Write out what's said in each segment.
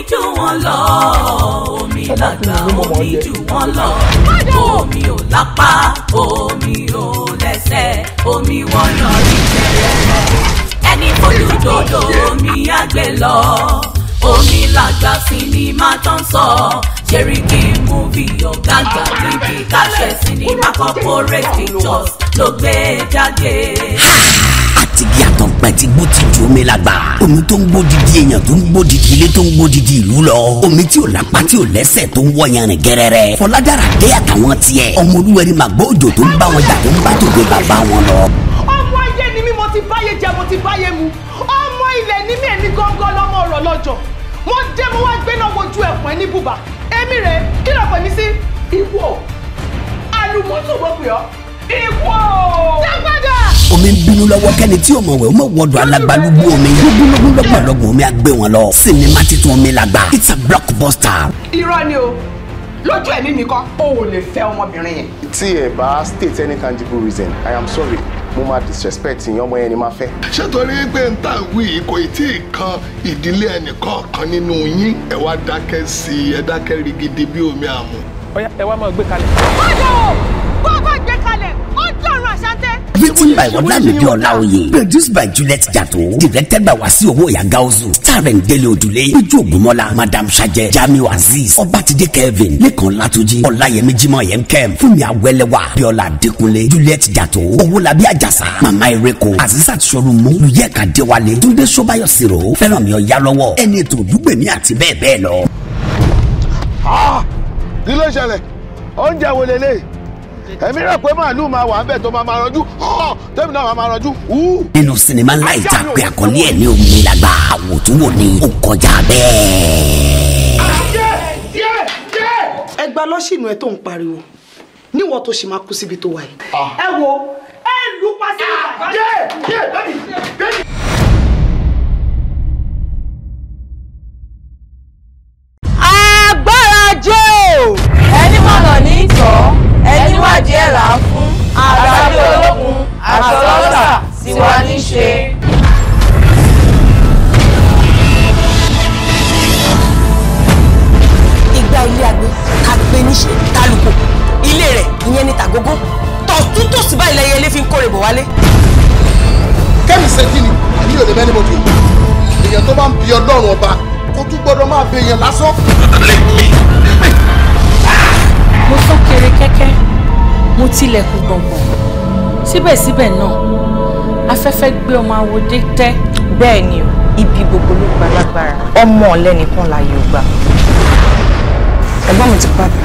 omi jù wọ́n lọ omi làgbà omi jù wọ́n lọ omi ò lápá omi ò lẹ́sẹ̀ omi wọ́n lọ rí tẹ́lẹ̀ ẹni fojúdodo omi àgbẹ̀ lọ omi làgbà sinimá tó ń sọ Ṣẹ̀ríkí múvi ọ̀gá àgbà níbi káṣẹ sinimá corporate pictures ló gbé jáde. àtìgíà ìbátan pẹ̀tìgbó ti ju omi la gbà omi tó ń gbó didi èèyàn tó ń gbó didi ilé tó ń gbó didi ìlú lọ omi tí ò lápá tí ò lẹ́sẹ̀ tó ń wọ yanrìn gẹ́rẹ́rẹ́ fọládàra dé àtàwọn tiẹ̀ ọmọ olúwẹ̀rí màgbọ́ òjò tó ń bá wọn jà tó ń bá tòde bàbá wọn lọ. ọmọ ayé ni mí mo ti báyé jẹ mo ti báyé mu ọmọ ilẹ̀ ni mí èmi gángan lọ́mọ ọ̀rọ̀ lọ́jọ́ mo dé mo wá gbéná wojú ẹ̀pọ̀n ní bùbá èmi rè kí ló pè mí sí ìwọ àlùmọ́tò mo pè ọ́ ìwọ. dágbàdà omi ń bínú lọ́wọ́ kẹ́ni tí ò mọ̀wẹ́ ó mọ̀ wọ́dọ̀ alágbálúgbó omi gbogbogbò lọ́gbọ̀lọ́gbọ̀ omi àgbẹ̀ wọn lọ sinimá titun omi làgbà it's a blockbuster. irọ́ ni o lójú ẹ̀mí mi kọ́ o ò lè fẹ́ ọmọbìnrin yẹn. tí ẹ bá state any tangible reason i am sorry mo máa disrespect ìyẹn ọmọ yẹn ni máa fẹ́. ṣé torí pé n tà wí kò tí ì kan ìdílé ẹnìkọ̀ọ̀kan nínú yín ẹ wá dákẹ́ sí ẹ dákẹ́ rigidi bí omi àmú. ọ̀yá ẹ wá máa gbé kalẹ̀. kọ́ńtà o kó o bá gbé kalẹ̀ ó jọ̀rọ̀ àṣà tẹ written by ọlámídé ọláoyè produced by juliet jato directed by wasiu owó ìyá gaozu starring délé odùlé ijó ògúnmọ́lá madam sajẹ jamiu azeez ọbátidé kevin lẹ́kàn Latuji, ọláyẹmí jimoh yẹn kẹ́m fúnmi awẹ́lẹ́wà bíọ́lá adékúnlé juliet jato owólabí àjàsà mama ereko azizat sọlùmù lùyẹ́ka déwálé túndé sọ́báyọ̀ sírò fẹ́ràn ọ̀yálọ́wọ́ ẹni ètò òdúgbèmí àti bẹ́ẹ̀ bẹ́ẹ̀ lọ. Ah! kí ló ṣẹlẹ̀ oúnjẹ wo lélẹ́yìí èmi rẹ̀ pé màálù máa wà bẹ́ẹ̀ tó máa máa rọjú hàn tẹ́mi náà máa máa rọjú. nínú sinimá ńlá ìjàpẹ́ àkọlé ẹ̀ ní òmìniragba àwòtúwò ni ó kọjá bẹ́ẹ̀. ẹ gba lọ́sìnù ẹ tó ń pariwo níwọ̀n tó sì máa kú síbi tó wà yìí. Ah. ẹ wo ẹ lù pa tilẹ̀kùn gbọ̀ngbọ̀n síbẹ̀síbẹ̀ náà afẹ́fẹ́ gbé ọmọ awodé tẹ́. bẹ́ẹ̀ ni o ibi gbogbo ló gba lágbára ọmọ ọ̀lẹ́ nìkan láàyè gbà. ẹ̀gbọ́n mi ti pa mi.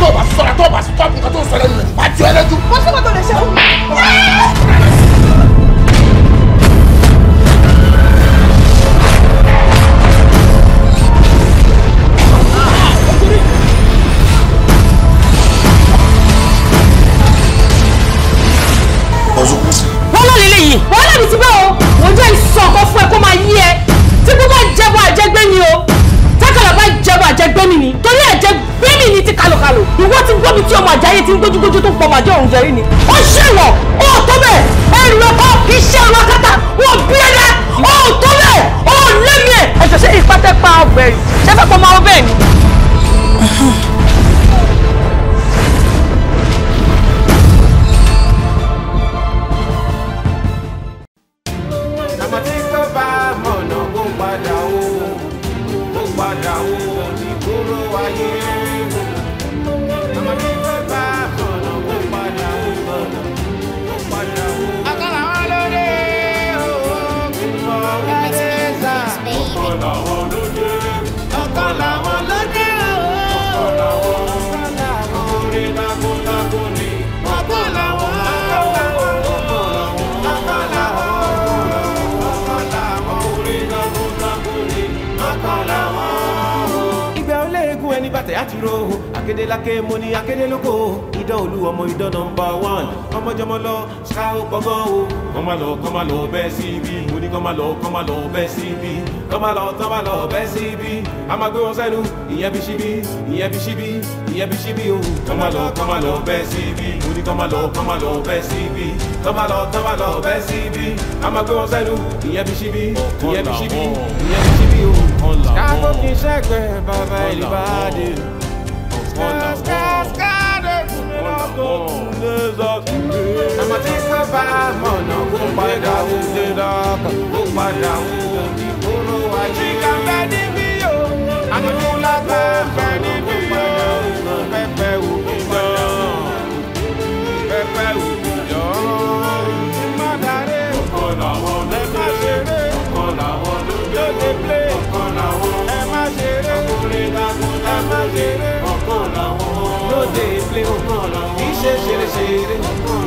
tó o bá sọ̀rọ̀ tó o bá sọ̀rọ̀ nǹkan tó ń sọ lẹ́nu rẹ̀ máa jọ ẹ lẹ́jú. mo sọ́kọ̀ tó lè ṣe é. yìí. wọ́n lè mi ti bá o mo jẹ́ ìsọ̀kan fún ẹ kó máa yí ẹ tí gbogbo àjẹbọ àjẹgbé ni o tákàlà bá jẹbọ àjẹgbé mi ni torí àjẹgbé mi ni ti kalokalo ìwọ ti gbọ́ mi tí ọmọ àjáyé ti ń gbójúgbójú tó ń pọ̀ màjọ òun jẹrí ni. ó ṣèwọ̀ ó tó bẹ̀ ẹrù ọkọ iṣẹ́ ọlọ́kàtà wọ́n bí ẹ̀dá ó tó bẹ̀ ó lé mi ẹ̀. ẹ̀jọ̀ ṣe ìpàtẹ́pà ọbẹ̀ ṣẹ́fẹ̀ pọ̀ máa ọbẹ̀ ni. má lọ bẹ́ síbí mo ní kọ́ má lọ kọ́ má lọ bẹ́ síbí kọ́ má lọ tán má lọ bẹ́ síbí a máa gbé wọn sẹ́nu ìyẹn bí síbí ìyẹn bí síbí ìyẹn bí síbí o. kọ́ má lọ kọ́ má lọ bẹ́ síbí mo ní kọ́ má lọ kọ́ má lọ bẹ́ síbí kọ́ má lọ tán má lọ bẹ́ síbí a máa gbé wọn sẹ́nu ìyẹn bí síbí ìyẹn bí síbí ìyẹn bí síbí o. kákó kì í ṣẹ́gbẹ́ bàbá ìlú bá dé. skáà skáà skáà àmọ́ tí sábà mọ̀nà kó padà wò ṣe dọ́kọ̀ kó padà wò ìkóró wa ṣe ká fẹ́ níbí o àdúgbò lágbà fẹ́ níbí o pẹpẹ wò mí jọ pẹpẹ wò mí jọ má darí cheating.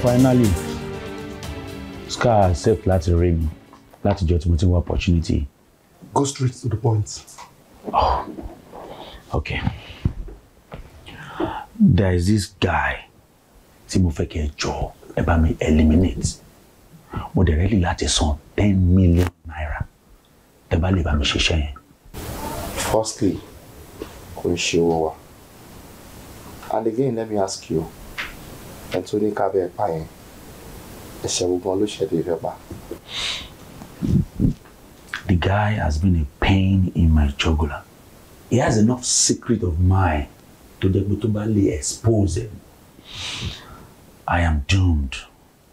finally scar accept láti rí mi láti jọ tí mo opportunity. go straight to the point. Oh. okay there is this guy tí mo fẹ́ kẹ́ ẹ jọ ẹ bá mi eliminate mo dẹ̀ rẹ́lì láti san ten million naira tẹ́ bá lè bá mi firstly kò ń ṣe and again let me ask you ẹni ní kábẹ́ pa yẹn ẹ̀ṣẹ̀ gbogbo ló ṣẹ̀dẹ̀ rẹ̀ pa. The guy has been a pain in my jugular. He has enough secret of mine to jẹ́ pé tó bá lè expose him. I am doomed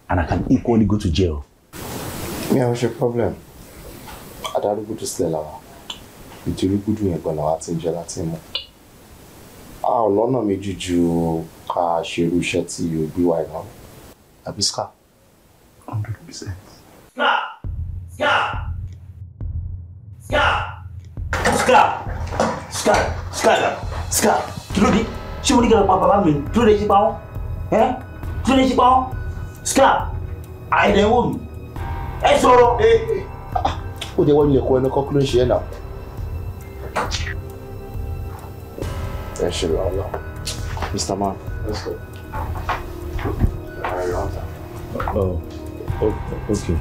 and I can equally go to jail. Mi àwọn ṣe problem. Adarúgbùdù sílẹ̀ làwọn. Ìdírúgbùdù yẹn gan-an làwọn ti ń jẹ láti mú. A ò lọ́nà méjì ju ká ṣe irú iṣẹ́ tí o gbé wa ìnáwó àbí ska. hundred percent. ska ska ska ska ska ska ska kí ló dé ṣé mo ní kí n pa bàbá mi kí ló dé ṣe pa wọn ẹ kí ló dé ṣe pa wọn ska àìdẹ̀ wò mí ẹ sọ̀rọ̀. Eh, eh. ó jẹ́ wọ́n ilé ẹ̀kọ́ ẹnu kọ́ ń ṣe ẹ̀ náà. ẹ ṣe lọ́wọ́ Mr. Man. Let's go. Oh, oh okay.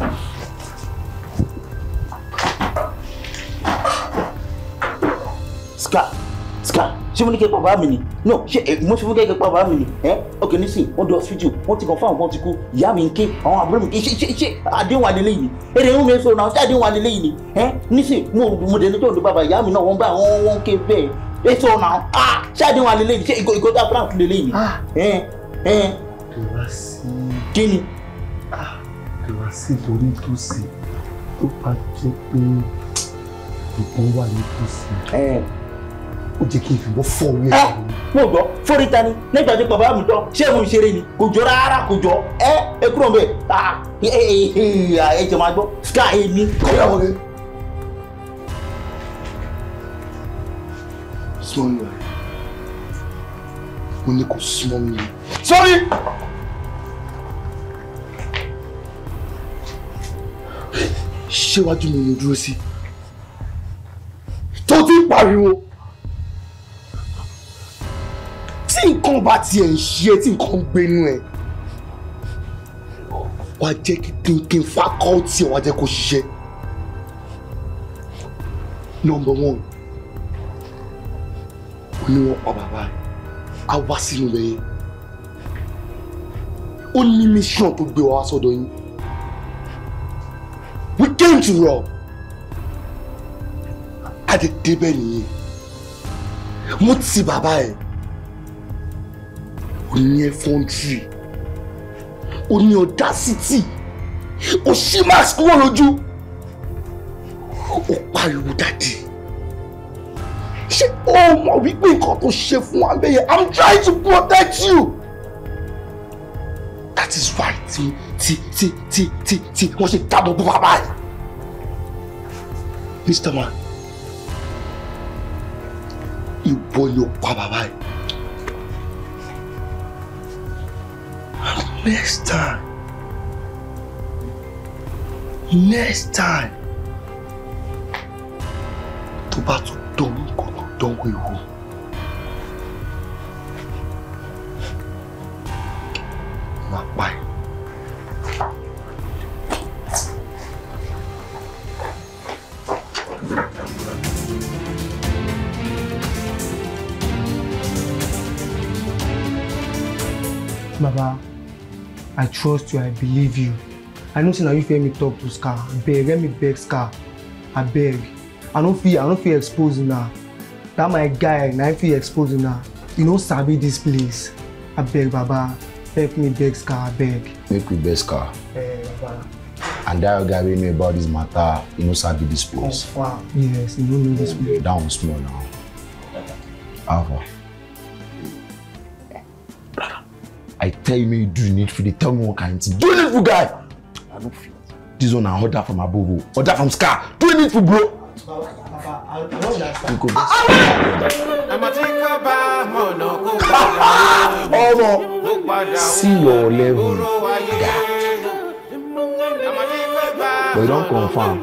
Scar, Scar, ṣé mo ní kí n No, ṣé eh, mo ṣe fún kí n pa bàbá mi ni? Ẹ́ eh, ok nísìnyí, wọ́n di hospital, wọ́n ti kàn fún àwọn kan ti kú, ìyá mi ń ké, àwọn àbúrò mi ké, ṣé ṣé ṣé àdéhùn àdélé yìí ni? Èrè ń mi sọ̀rọ̀ náà, ṣé àdéhùn àdélé yìí ni? Ẹ́ eh, nísìnyí, mo dẹ̀ ní tó ń lo bàbá ìyá mi náà, wọ́n bá wọn wọn ké ètò ọ̀nà ah ṣáàdì wọn lélẹ́yìn ṣé ìgò ìgò dáa fúláàtú lélẹ́yìn ah. ni. Kíláàsì. kí ni. Kíláàsì torí tó sì tó bá jẹ́ pé ìbọn wà ní tòsí. ó jẹ́ kí n fìbọn fọ́ orí ẹ̀. Ah, mo gbọ́ fórí ta ni nígbà tí bàbá mi tán ṣé mo ṣeré ni kò jọ rárá kò jọ ẹ ẹ kúrò ń bẹ̀ ah, ẹ ẹ ẹ jẹ máa gbọ́ sky ni. kọ́lá wọlé. sọnù mo ní kò súnmọ́ mi sọ́rí. ṣéwájú mi ni dúró sí tó ti pariwo tí nǹkan bá tiẹ̀ ń ṣe tí nǹkan ń gbénu ẹ̀ wàá jẹ́ kí thinking faculty ẹ̀ wàá jẹ́ kó number one ó ní wọ́n pa bàbá ẹ̀ á wá sínú lẹ́yìn ó ní mission tó gbé wa sọ́dọ̀ yín we came to rob á ti débẹ̀ nìyí mo ti bàbá ẹ̀ ó ní ẹ̀fọ́ntì ó ní ọ̀dásítì ó ṣí mask kúrò lójú ó pariwo dáadé ṣé o mọ̀ wípé nǹkan tó ṣe fún wa bẹ́yẹn i'm trying to protect you. that is why ti ti ti ti ti ti wọ́n ṣe dábọ̀ bó bàbá yìí. mr man ìwọ ni o pa bàbá yìí. next time next time tó bá tún dánwò ìwò. máa pa I trust you, I believe you. I know since na you fit me talk to Scar. I beg, let me beg Scar. I beg. I don't fit, I don't fit exposing her. That my guy now if fit expose now, you no sabi dis place beg, baba help me beg scar beg. make we beg scar. Hey, eh, baba. and that guy wey know about this matter you know, sabi this place. Oh, wow. yes you know this oh, place. that one small now. alpha. I tell you, you do need for the tell me what kind of do need for guy. I don't feel this one I order from above, oh. order from Scar. Do need for bro. Baba ọmọ see your level that but you don confirm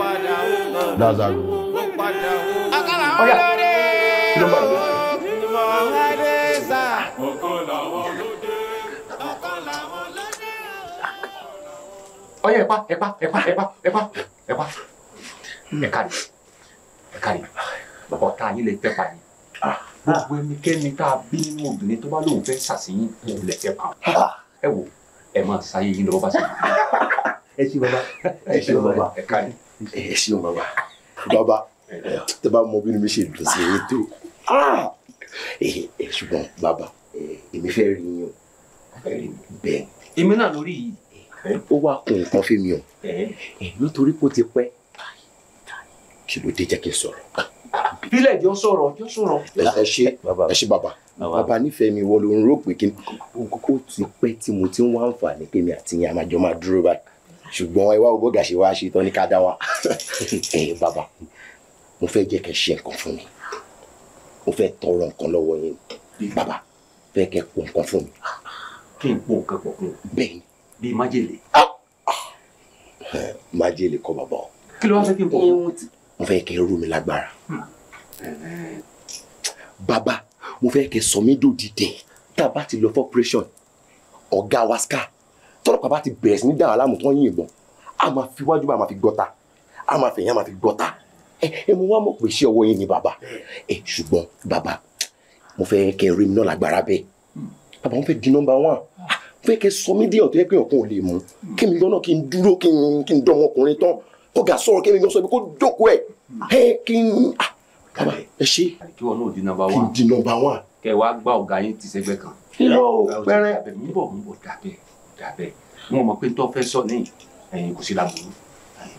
that's how you go. ọ̀yà kí ló ń bá a Oye, epa, epa, epa, epa, epa, epa. Me callo kárí bàbá ọ̀tá yín lè fẹ́ pa yín ah. gbogbo ẹnikẹ́ni tá a bí nínú obìnrin tó bá lóun fẹ́ sàṣeyín lè fẹ́ pa ah. ẹ wò ẹ máa sáyé yín lọ́wọ́ bá ṣe. ẹ ṣeun bàbá ẹ ṣeun bàbá ẹ kárí ẹ ṣeun bàbá bàbá tẹ bá mọ bí mi ṣe dùn sí i tó ah! ṣùgbọ́n bàbá èmi fẹ́ rí yín o bẹ́ẹ̀. èmi náà lórí yìí. ó wá kun nǹkan fún mi o nítorí kó ti pẹ́ kí ló dé jẹ́ kí n sọ̀rọ̀. bílẹ̀ jọ sọ̀rọ̀ jọ sọ̀rọ̀. ẹ ṣe ẹ ṣe bàbá bàbá nífẹ̀ẹ́ mi wọ́n ló ń rò pé kí n kókó ti pẹ́ tí mo ti ń wá àǹfààní pé mi àti yín a máa jọ máa dúró báyìí ṣùgbọ́n ẹ wá owó gàṣẹ wá ṣe tán ní ká dá wa. ẹ̀yin bàbá mo fẹ́ jẹ́ kẹ́ ṣe nǹkan fún mi mo fẹ́ tọrọ nǹkan lọ́wọ́ yín bàbá fẹ́ kẹ́ pọ̀ nǹkan fún mi. kí n pọ̀ nǹkan pọ̀ fún mi. bẹ́ẹ̀ni. bíi májèlé. Ah, ah. májèlé kọ́ bàbá o. kí ló wá fẹ́ kí n pọ̀ mo fẹ́ kẹ́ rú mi lágbára bàbá mo fẹ́ kẹ́ sọ mí dòdì dẹ̀ tá a bá ti lọ fún operation ọ̀gá wa ska tọ́lọ́pàá bá ti bẹ̀rẹ̀ sí ní dàrá láàmú tó ń yìnbọn a máa fi wájú bá a máa fi gbọ́ta a máa fẹ̀yìn a máa fi gbọ́ta ẹ ẹ mo wá mọ̀ pé iṣẹ́ ọwọ́ yín ni bàbá ẹ ṣùgbọ́n bàbá mo fẹ́ kẹ́ rí mi náà lágbára bẹ́ẹ̀ bàbá mo fẹ́ di nọ́mbà wọn mo fẹ́ kẹ́ sọ mí díẹ̀ ọ̀tọ́ yẹ pé ọ̀kan ò lè mú kí mi lọ́nà kí n dúró kí n dán ọmọkùnrin tán kọ̀gà sọ̀rọ̀ kẹ́mi gan sọ ibi kó jókòó ẹ̀ ẹ kí n ah, bàbá ẹ ṣe kí wọn náà di nọ́mbà wán kí n di nọ́mbà wán. kẹ wàá gba ọ̀gá yín ti sẹ́gbẹ́ kan. kílò pẹrẹ. n bọ̀ n bọ̀ dàbẹ̀ dàbẹ̀ wọn mọ̀ pé tó fẹ́ sọ ní ẹ̀yìn kò sí láburú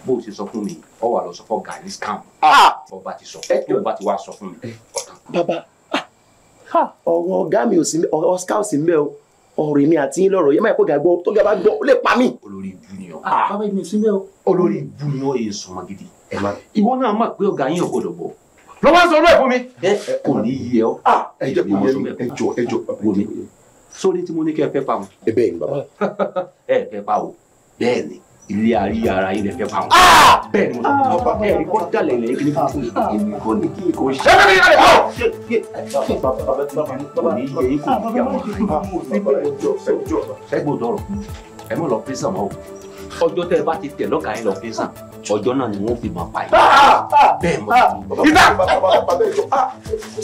bó o ṣe sọ fún mi ọ wà lọ sọ fún ọ̀gá ní scam. ọba ah! ti sọ fún ọba ti wá sọ fún mi. bàbá ah, ọ̀rọ̀ ọ̀gá mi ò sí ọ̀gá ò sí mbẹ́ o ọ̀rọ̀ èmi àti yín lọ́rọ̀ yẹn máa kó gàgbọ́ tó gàgbà gbọ́ ó lè pa mí. olórí ibu ni ọ. Ah, bàbá mi ò sí bẹ́ẹ̀ o. olórí ibu ni ọ èyí sọmọ gidi. ìwọ náà mọ̀ pé ọ̀gá yín ò gbọdọ̀ bọ̀. lọ́wọ́ sọ ọdún ẹ̀ fún mi. kò ní yí ah, ẹ ọ. ẹjọ ẹjọ wo mi. sórí tí mo ní kẹ́ ẹ fẹ́ pa mo. ẹ bẹ́ẹ̀ ni bàbá. ẹ fẹ́ pa o bẹ́ẹ̀ ni ilé àríyá ara yìí lè fẹ́ pa wọn. bẹ́ẹ̀ ni mo bá bẹ́ẹ̀ rí kó dalẹ̀ ilẹ̀ kí ni kò èmi kò ní kí kò ṣe. ṣé bẹ́ẹ̀ yára yóò. bàbá mi yẹ ẹ mọ̀ lọ pírísà mọ́ o ọjọ́ tẹ́ ẹ bá ti tẹ̀ lọ́kà yín lọ pírísà ọjọ́ náà ni wọ́n fi máa pa yín. bẹ́ẹ̀ mọ̀ ìta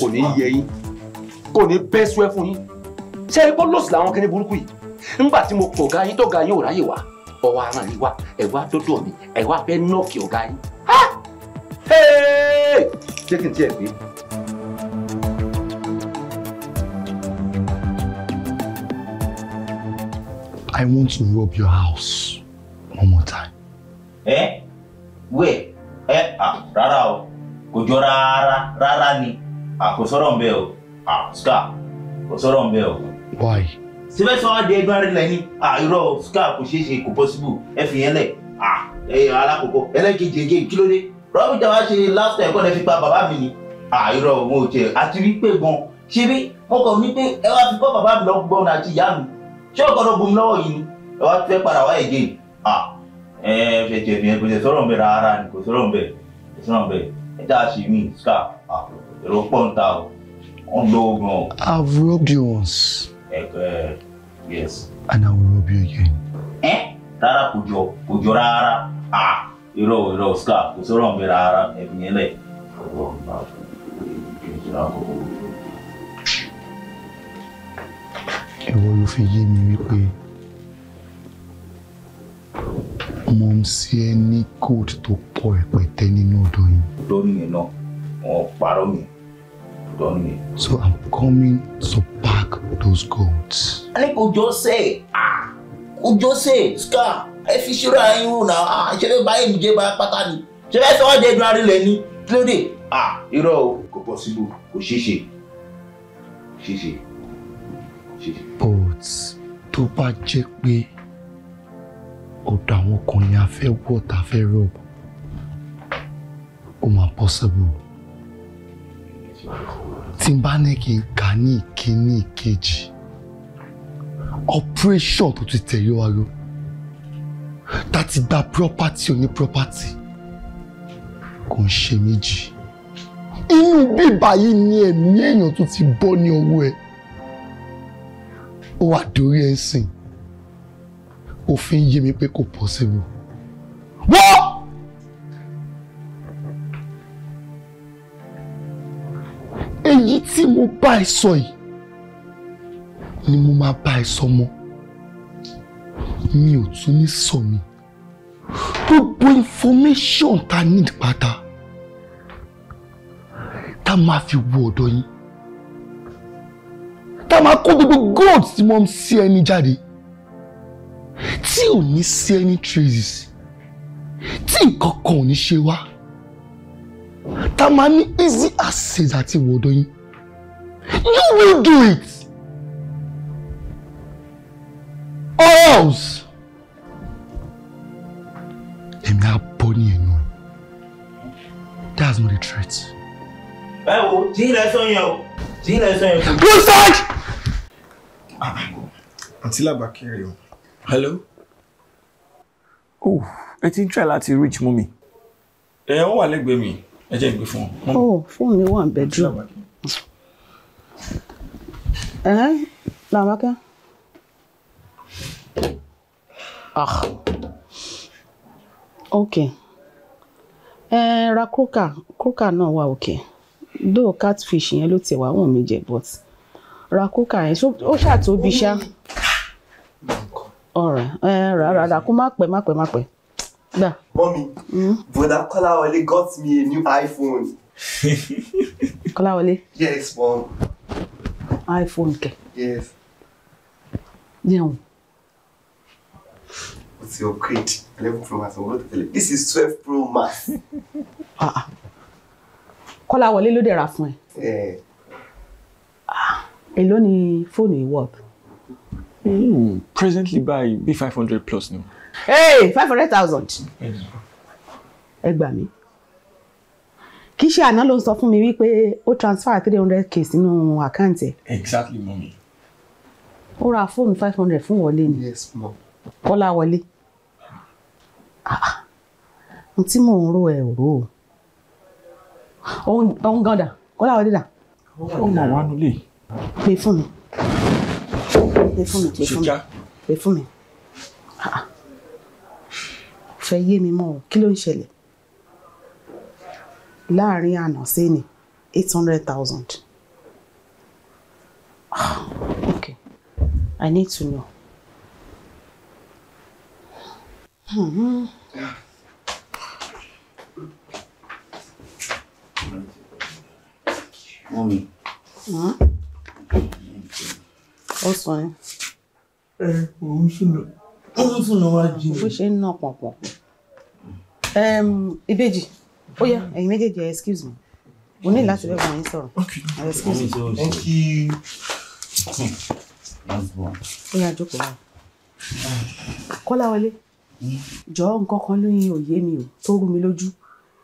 kò ní yẹ yín kò ní bẹ́ sùn ẹ fún yín ṣé ẹ bọ́ làwọn kẹ́ni burúkú yìí nígbà tí mo pọ̀ ga yín tó ga yín ò ráyè wá ọwọ́ ara yìí wá ẹ̀ wá mi ẹ̀ wá fẹ́ nọ́ọ̀kì yìí jẹ́ kí n tiẹ̀ gbé. I want to rob your house one more time. Ẹ wẹ̀ ẹ à rara o, kò jọ rárá rárá ni, à kò sọ̀rọ̀ ń bẹ̀ o, à scar kò sọ̀rọ̀ ń bẹ̀ o. Why? ṣe fẹ́ sọ wá di ẹgbẹ́ rẹ̀ lẹ́yìn àìrọ̀ scar kò ṣeé ṣe kò possible ẹ fi yẹn lẹ̀ alákọ̀ọ́kọ́ ẹlẹ́kejì ẹgẹ́ kí ló dé rọ́bì tí a wá ṣe last time kọ́ ẹ fi pa bàbá mi ni àìrọ̀ òun ò tiẹ̀ àti wípé gan ṣe bí wọn kàn ní pé ẹ wá fi kọ́ bàbá mi lọ́gbọ́n àti ìyá mi ṣé ọ̀kan ló gbomi lọ́wọ́ yìí ni ẹ wá fẹ́ padà wá ẹ̀gẹ́ ẹ fẹ́ tiẹ̀ fi yẹn kò tẹ̀ sọ̀rọ̀ mbẹ́ rárá ni kò sọ̀rọ̀ mbẹ́ kò sọ̀rọ̀ mbẹ́ ẹ dá a ṣe mí scar èrò pọ̀ ń ta o yes. and I will rob you again. Eh? Tara kò jọ kò jọ rárá ah irọ́ irọ́ scar kò sọ̀rọ̀ mi rárá ẹ̀mí yẹn lẹ̀. ìwọ ló fi yé mi wípé mo ń sí ẹ ní kóòtù tó pọ̀ ẹ̀pẹ̀tẹ́ nínú ọ̀dọ̀ yìí. lórí yẹn náà wọn parọ́ mi. So I'm coming to pack those goats. Alẹ́ kò jọ sẹ́, kò jọ sẹ́, scar, ẹ fi ṣúra yín wò náà, ṣé fẹ́ báyìí mi jẹ́ you pátá ni? Ṣé fẹ́ sọ ọ́jẹ́ ìdúrà rí lẹ̀ ni? Kí ló dé? Irọ́ o, kò pọ̀ síbò, kò ṣeé ṣe, ṣeé ṣe, ṣeé ṣe. But tó bá jẹ́ pé ọ̀dọ̀ àwọn ọkùnrin afẹ́ a fẹ́ rọ̀ ó possible tí n bá ní kí n kà ní ìkíní ìkejì operation tó ti tẹ̀lé wa lọ tá gba property oní property kò ń ṣe méjì inú bíbá yìí ni ẹ̀mí èèyàn tó ti bọ́ ní ọwọ́ ẹ̀ ó wà dórí ẹ̀ òfin yé mi pé kò possible wọ́n. tí mo bá ẹ sọ yìí ni mo máa bá ẹ sọ mọ́ mi ò tún ní sọ mi gbogbo information ta need pátá ta máa fi wo ọ̀dọ̀ yín tá máa kó gbogbo gold tí mo ń sí ẹni jáde tí ò ní sí ẹni traces tí nǹkan kan ò ní ṣe wá tá máa ní easy access àti wo ọ̀dọ̀ yín. You will do it. Or else. Èmi á bọ́ ní ẹnu. That's not a threat. Báwo, tí ilẹ̀ sọ yẹn o, tí ilẹ̀ sọ yẹn o. Go Hello? Oh, ẹ ti ń try láti reach mú mi. Ẹ wọ́n wà lẹ́gbẹ̀ẹ́ mi, ẹ jẹ́ Oh, for me one bedroom. Eh? Nou, makker. Ah. ok Eh, ra kroka. Kroka náà wà okay. Though catfish yẹn ló ti wà wọ́n mi jẹ but ra kroka yẹn ó ṣàtóbi ṣá. Ọ̀rẹ́ ẹ rà rà rà kó má pẹ́ má da mommy pẹ́. Gbà. Mọ́mi, hmm? Bọ̀dá Kọ́láwọlé got me a new iPhone. Kọ́láwọlé. Yes, mom iphone kẹ. yes. jẹun. what's your grade eleven pro max ọmọ tẹ́lẹ̀ this is twelve pro max. Ah, ah. kọ́lá wọlé ló dẹ̀ ra fún ẹ. Eh. Ah, èló ni fóònù yìí wọ̀. presently buy b five hundred plus ni. hey five hundred thousand. ẹ gbà mí kì í ṣe àná ló sọ fún mi wípé ó transfer three hundred k sínú àkáǹtì ẹ. exactly mọ́mi. ó ra fóònù five hundred fún wọlé ni. yes mọ́. kọ́lá wọlé. Ah, ah. n tí mò ń ro ẹ̀ rò ó. òun gan dà kọ́lá wọlé dà. ó mọ̀ wá nulẹ̀. pè fún mi pè fún mi pè fún mi pè fún mi. Ah, fẹ́ yé mi mọ́ kí ló ń ṣẹlẹ̀ láàrin àná sí ni eight hundred thousand. okay i need to know. hmm Mọ́mí. Ó sọ yẹn. Ẹ òun ṣùnà. Òun ṣùnà wá jí. Bó ṣe ń nà pọ̀npọ̀n. Ìbejì. Oh yeah, ẹ̀yin méjèèjì excuse me mo ní láti bẹ́ẹ̀ wọ̀nyí sọ̀rọ̀ excuse me. thank you. ó yá jókòó wa kọ́láwọlé jọ nǹkan kan lóyún òye mi ò tó rú mi lójú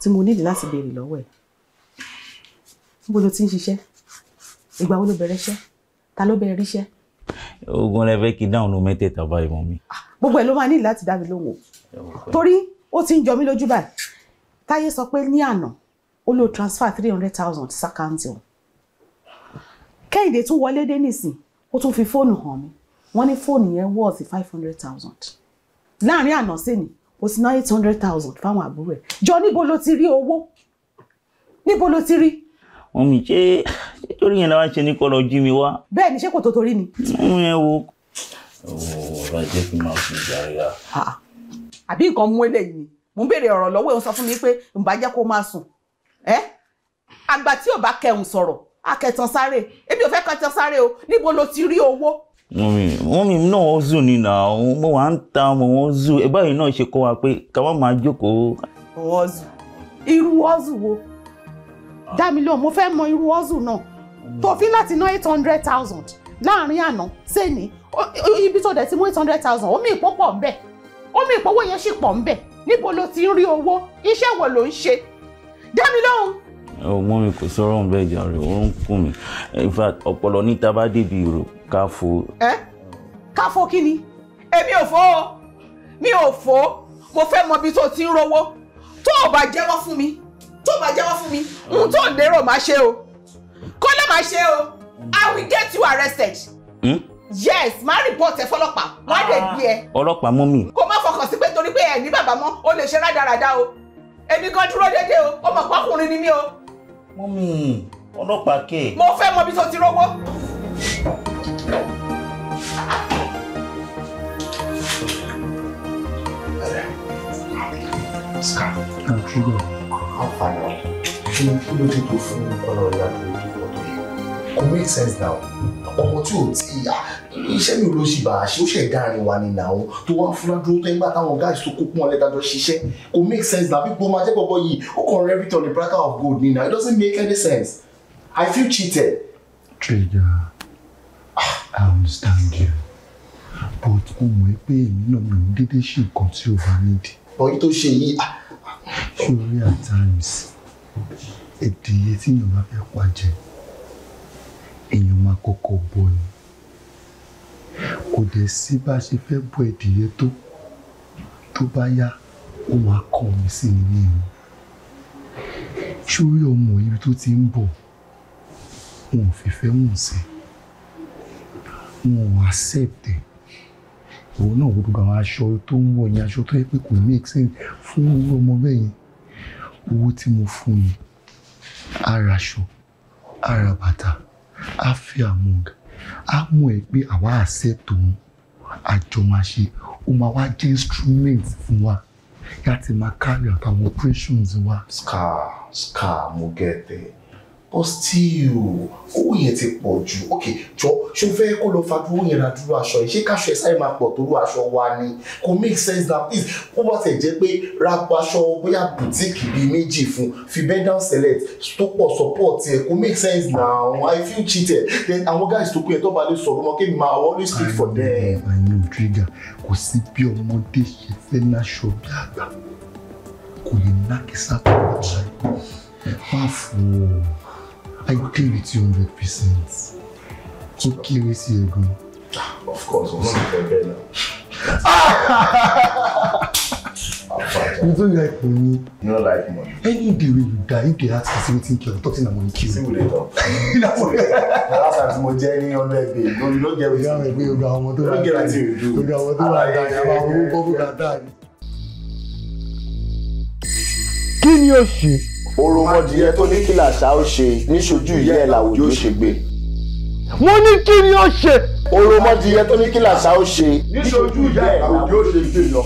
tí mo nílò láti béèrè lọ́wọ́ ẹ̀ níbo ló ti ń ṣiṣẹ́ ìgbà wo ló bẹ̀rẹ̀ iṣẹ́ ta ló bẹ̀rẹ̀ ríṣẹ́. oògùn rẹ fẹ́ kí dáhùn ló mẹ́tẹ̀ẹ̀ta báyìí mọ́ mi. Ah, gbogbo ẹ̀ ló máa ní láti dá mi lóhùn o torí ó ti ń jọ mí lójú báyìí táyé sọ pé ní àná ó lò transfer three hundred thousand sákàǹtì òun kẹ́hìndé tún wọlé dé nísìn ó tún fi fóònù hàn mí wọ́n ní fóònù yẹn worth five hundred thousand láàrin àná sí ni ó ti ná eight hundred thousand fáwọn àbúrò ẹ̀ jọ níbo ló ti rí owó níbo ló ti rí. wọn mi ṣe torí yẹn làwọn ṣe ní kọlọ jí mi wá. bẹ́ẹ̀ ni ṣé kò tó torí ni. mo yẹn wo. ọ̀rọ̀ ajé fi máa fi ìjà rẹ̀ yá. àbí nǹkan mú eléyìí ni mo ń béèrè ọ̀rọ̀ lọ́wọ́ ẹ̀ ń sọ fún mi pé ǹbá jẹ́ kó máa sùn ẹ́ àgbà tí ò bá kẹhùn sọ̀rọ̀ akẹtàn sáré èmi ò fẹ́ kẹtàn sáré o níbo lo ti rí owó. mọ́mí mọ́mí náà wọ́n zù ni nà ó mo wà ń ta mo wọ́n zù ẹ báyìí náà ṣe kọ́ wa pé ká má máa jókòó. ọ̀ọ́zù irú ọ̀ọ́zù wo dá mi lóhùn mo fẹ́ mọ irú ọ̀ọ́zù náà tó fi láti ná eight hundred thousand láàrin àná sẹ́ni ibi tó dẹ̀ ti mú eight hundred thousand ó mì ìpó pọ̀ ń bẹ̀ ó mì ìpówó yẹn sì pọ̀ ń bẹ̀ níbo ló ti ń rí owó iṣẹ́ wo ló ń ṣe dá mi ọmọ mi kò sọ̀rọ̀ ń bẹ́ẹ̀ jàre òun kù mí in fact ọpọlọ níta bá débi ìrò ká fo. ẹ ká fo kí ni èmi ò fọ́ ọ mi ò fọ́ mo fẹ́ mọ ibi tó ti ń rówó tó o bá jẹ́wọ́ fún mi tó o bá jẹ́wọ́ fún mi ohun tó lérò máa ṣe o kọ́lá máa ṣe o I will get you arrested. Hmm? yes máa report ẹ fọ́lọ́pàá wọ́n á dẹ̀ gbé ẹ. ọlọ́pàá mú mi. kó má fọkàn sí pé torí pé ẹ ní bàbá mọ́ o lè ṣe rádaràda o èmi kan dúró déédéé o ọmọ pọkùnrin ni mí o. mọ́mí ọlọ́pàá kẹ̀. mo fẹ́ mọ bí tó ti rówó. Scar. kí ló dé tó fún ọ̀rọ̀ ìyá kò make sense now ọmọ tí ò tí à ah, iṣẹ́ mi ò lọ sí bàá ṣe ó ṣe dáàrin wa ni nàá tó wá fúnra dúró tó ń gbà táwọn guys tó kó pọ́n ọlẹ́dájọ́ ṣiṣẹ́ kò make sense na pípọ́ máa jẹ́ bọ́bọ́ yìí ó kàn rẹ́ everything on a platter of gold ni na it doesn't make any sense I feel cheated. Trader I understand you but mo mọ̀ pé èmi náà mi ò ní dédé ṣe nǹkan tí o bá nídìí. ọyí tó ṣe yìí. surely ah, ah. at times èdè iye tí èèyàn bá fẹ́ pàjẹ́ èèyàn máa kọ́kọ́ bọ ni kò dẹ̀ sí bá a ṣe fẹ́ bọ ẹ̀dìyẹ tó tó bá yá ó máa kọ́ mi sí ni ní ìmọ̀ sórí ọmọ ibi tó ti ń bọ̀ wọn ò fi fẹ́ wọn sí wọn ò accept ẹ̀ òun náà wo gbogbo àwọn aṣọ tó ń wọ̀ yẹn aṣọ tó yẹ pé kò make sense fún owó ọmọ bẹ́ẹ̀ yẹn owó tí mo fún yìí ara aṣọ ara bàtà á fi among á mú ẹ pé àwa accept òun àjọ máa ṣe ó máa wá jẹ́ instrument fún wa láti máa carry out operations wa. scar scar mo get but still owó yẹn ti pọ̀ jù ok jọ ṣó fẹ́ kó lọ fa dúró yẹn ra dúró aṣọ yìí ṣé káṣọ ẹ̀ sáré máa pọ̀ tó rú aṣọ wa ni kò make sense na please kó bá tẹ̀ jẹ́ pé ra aṣọ bóyá bùtíìkì bíi méjì fún fi bendal select tó pọ̀ support ẹ̀ kò make sense na i feel cheated then àwọn guys tó kú yẹn tó bá lè sọ̀rọ̀ mọ́ kémi máa always speak for them. àyìn òdìrígà kò sí bí ọmọdé ṣe fẹ́ láṣọ bí àgbà kò lè nákísà tó wà I agree with you 100%. Tó kéré sí ẹ̀gbọ́n. Of course, wọ́n náà fẹ́ bẹ́ẹ̀ náà. You don't like money. You don't like money. Any day wey you die, if they ask you wetin kill you, talk say money kill See what they talk. Na last time mo jẹ ní hundred bay, no you no get wetin. Ìyá mi pé ogun àwọn tó wà dáa You ogun àwọn tó wà dáa ni, àwọn owó bọ́ọ̀bù dáadáa ni. Kí ni o ṣe? òròmọdìyẹ tó ní kí làṣà ó ṣe níṣojú ìyá ẹ̀ làwùjọ ṣègbè. wọ́n ní kí ni ó ṣe. òròmọdìyẹ tó ní kí làṣà ó ṣe níṣojú ìyá ẹ̀ làwùjọ ṣègbè lọ.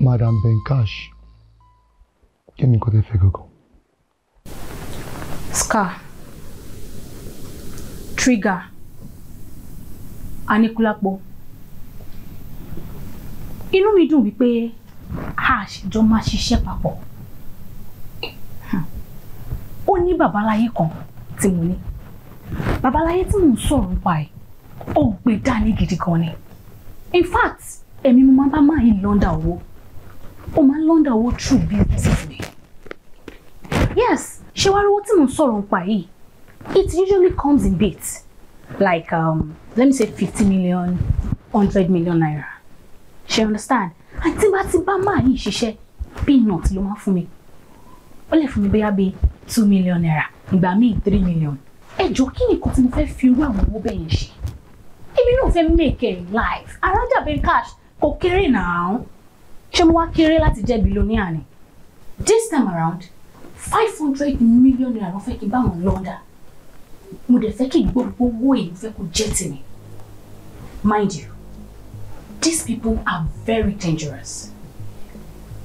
Madam Benkash kí ni kò tẹ́ fẹ́ gọ́gọ́. Scar Trigger Anikulapo inú mi dùn wípé a ṣèjọ máa ṣiṣẹ́ papọ̀ ó ní babaláyé kan tí mo ní babaláyé tí mò ń sọ̀rọ̀ nípa ẹ̀ ó gbé dání gidi gan ni in fact èmi mo máa bá máa yí lọ́ndà owó ó máa ń lọ́ndà owó through business mi yes ṣé wàá rówó tí mò ń sọ̀rọ̀ nípa yìí it usually comes in bits like um, let me say fifty million hundred million naira ṣe understand àti bá ti bá máa yìí ṣiṣẹ́ peanut ló máa fún mi ó lè fún mi bóyá bíi two million naira ìgbà míì three million ẹ jọ kí nìkan tí mo fẹ́ fi irú àwọn owó bẹ́ẹ̀ yẹn ṣe èmi náà fẹ́ make a life arájà bíi cash kò kéré náà ṣé mo wá kéré láti jẹ́ billionaire ni this time around five hundred million naira ló fẹ́ kí n bá wọn lọ́ndà mo dẹ̀ fẹ́ kí gbogbo owó èyí fẹ́ kó jẹ́ tèmi mind you These people are very dangerous.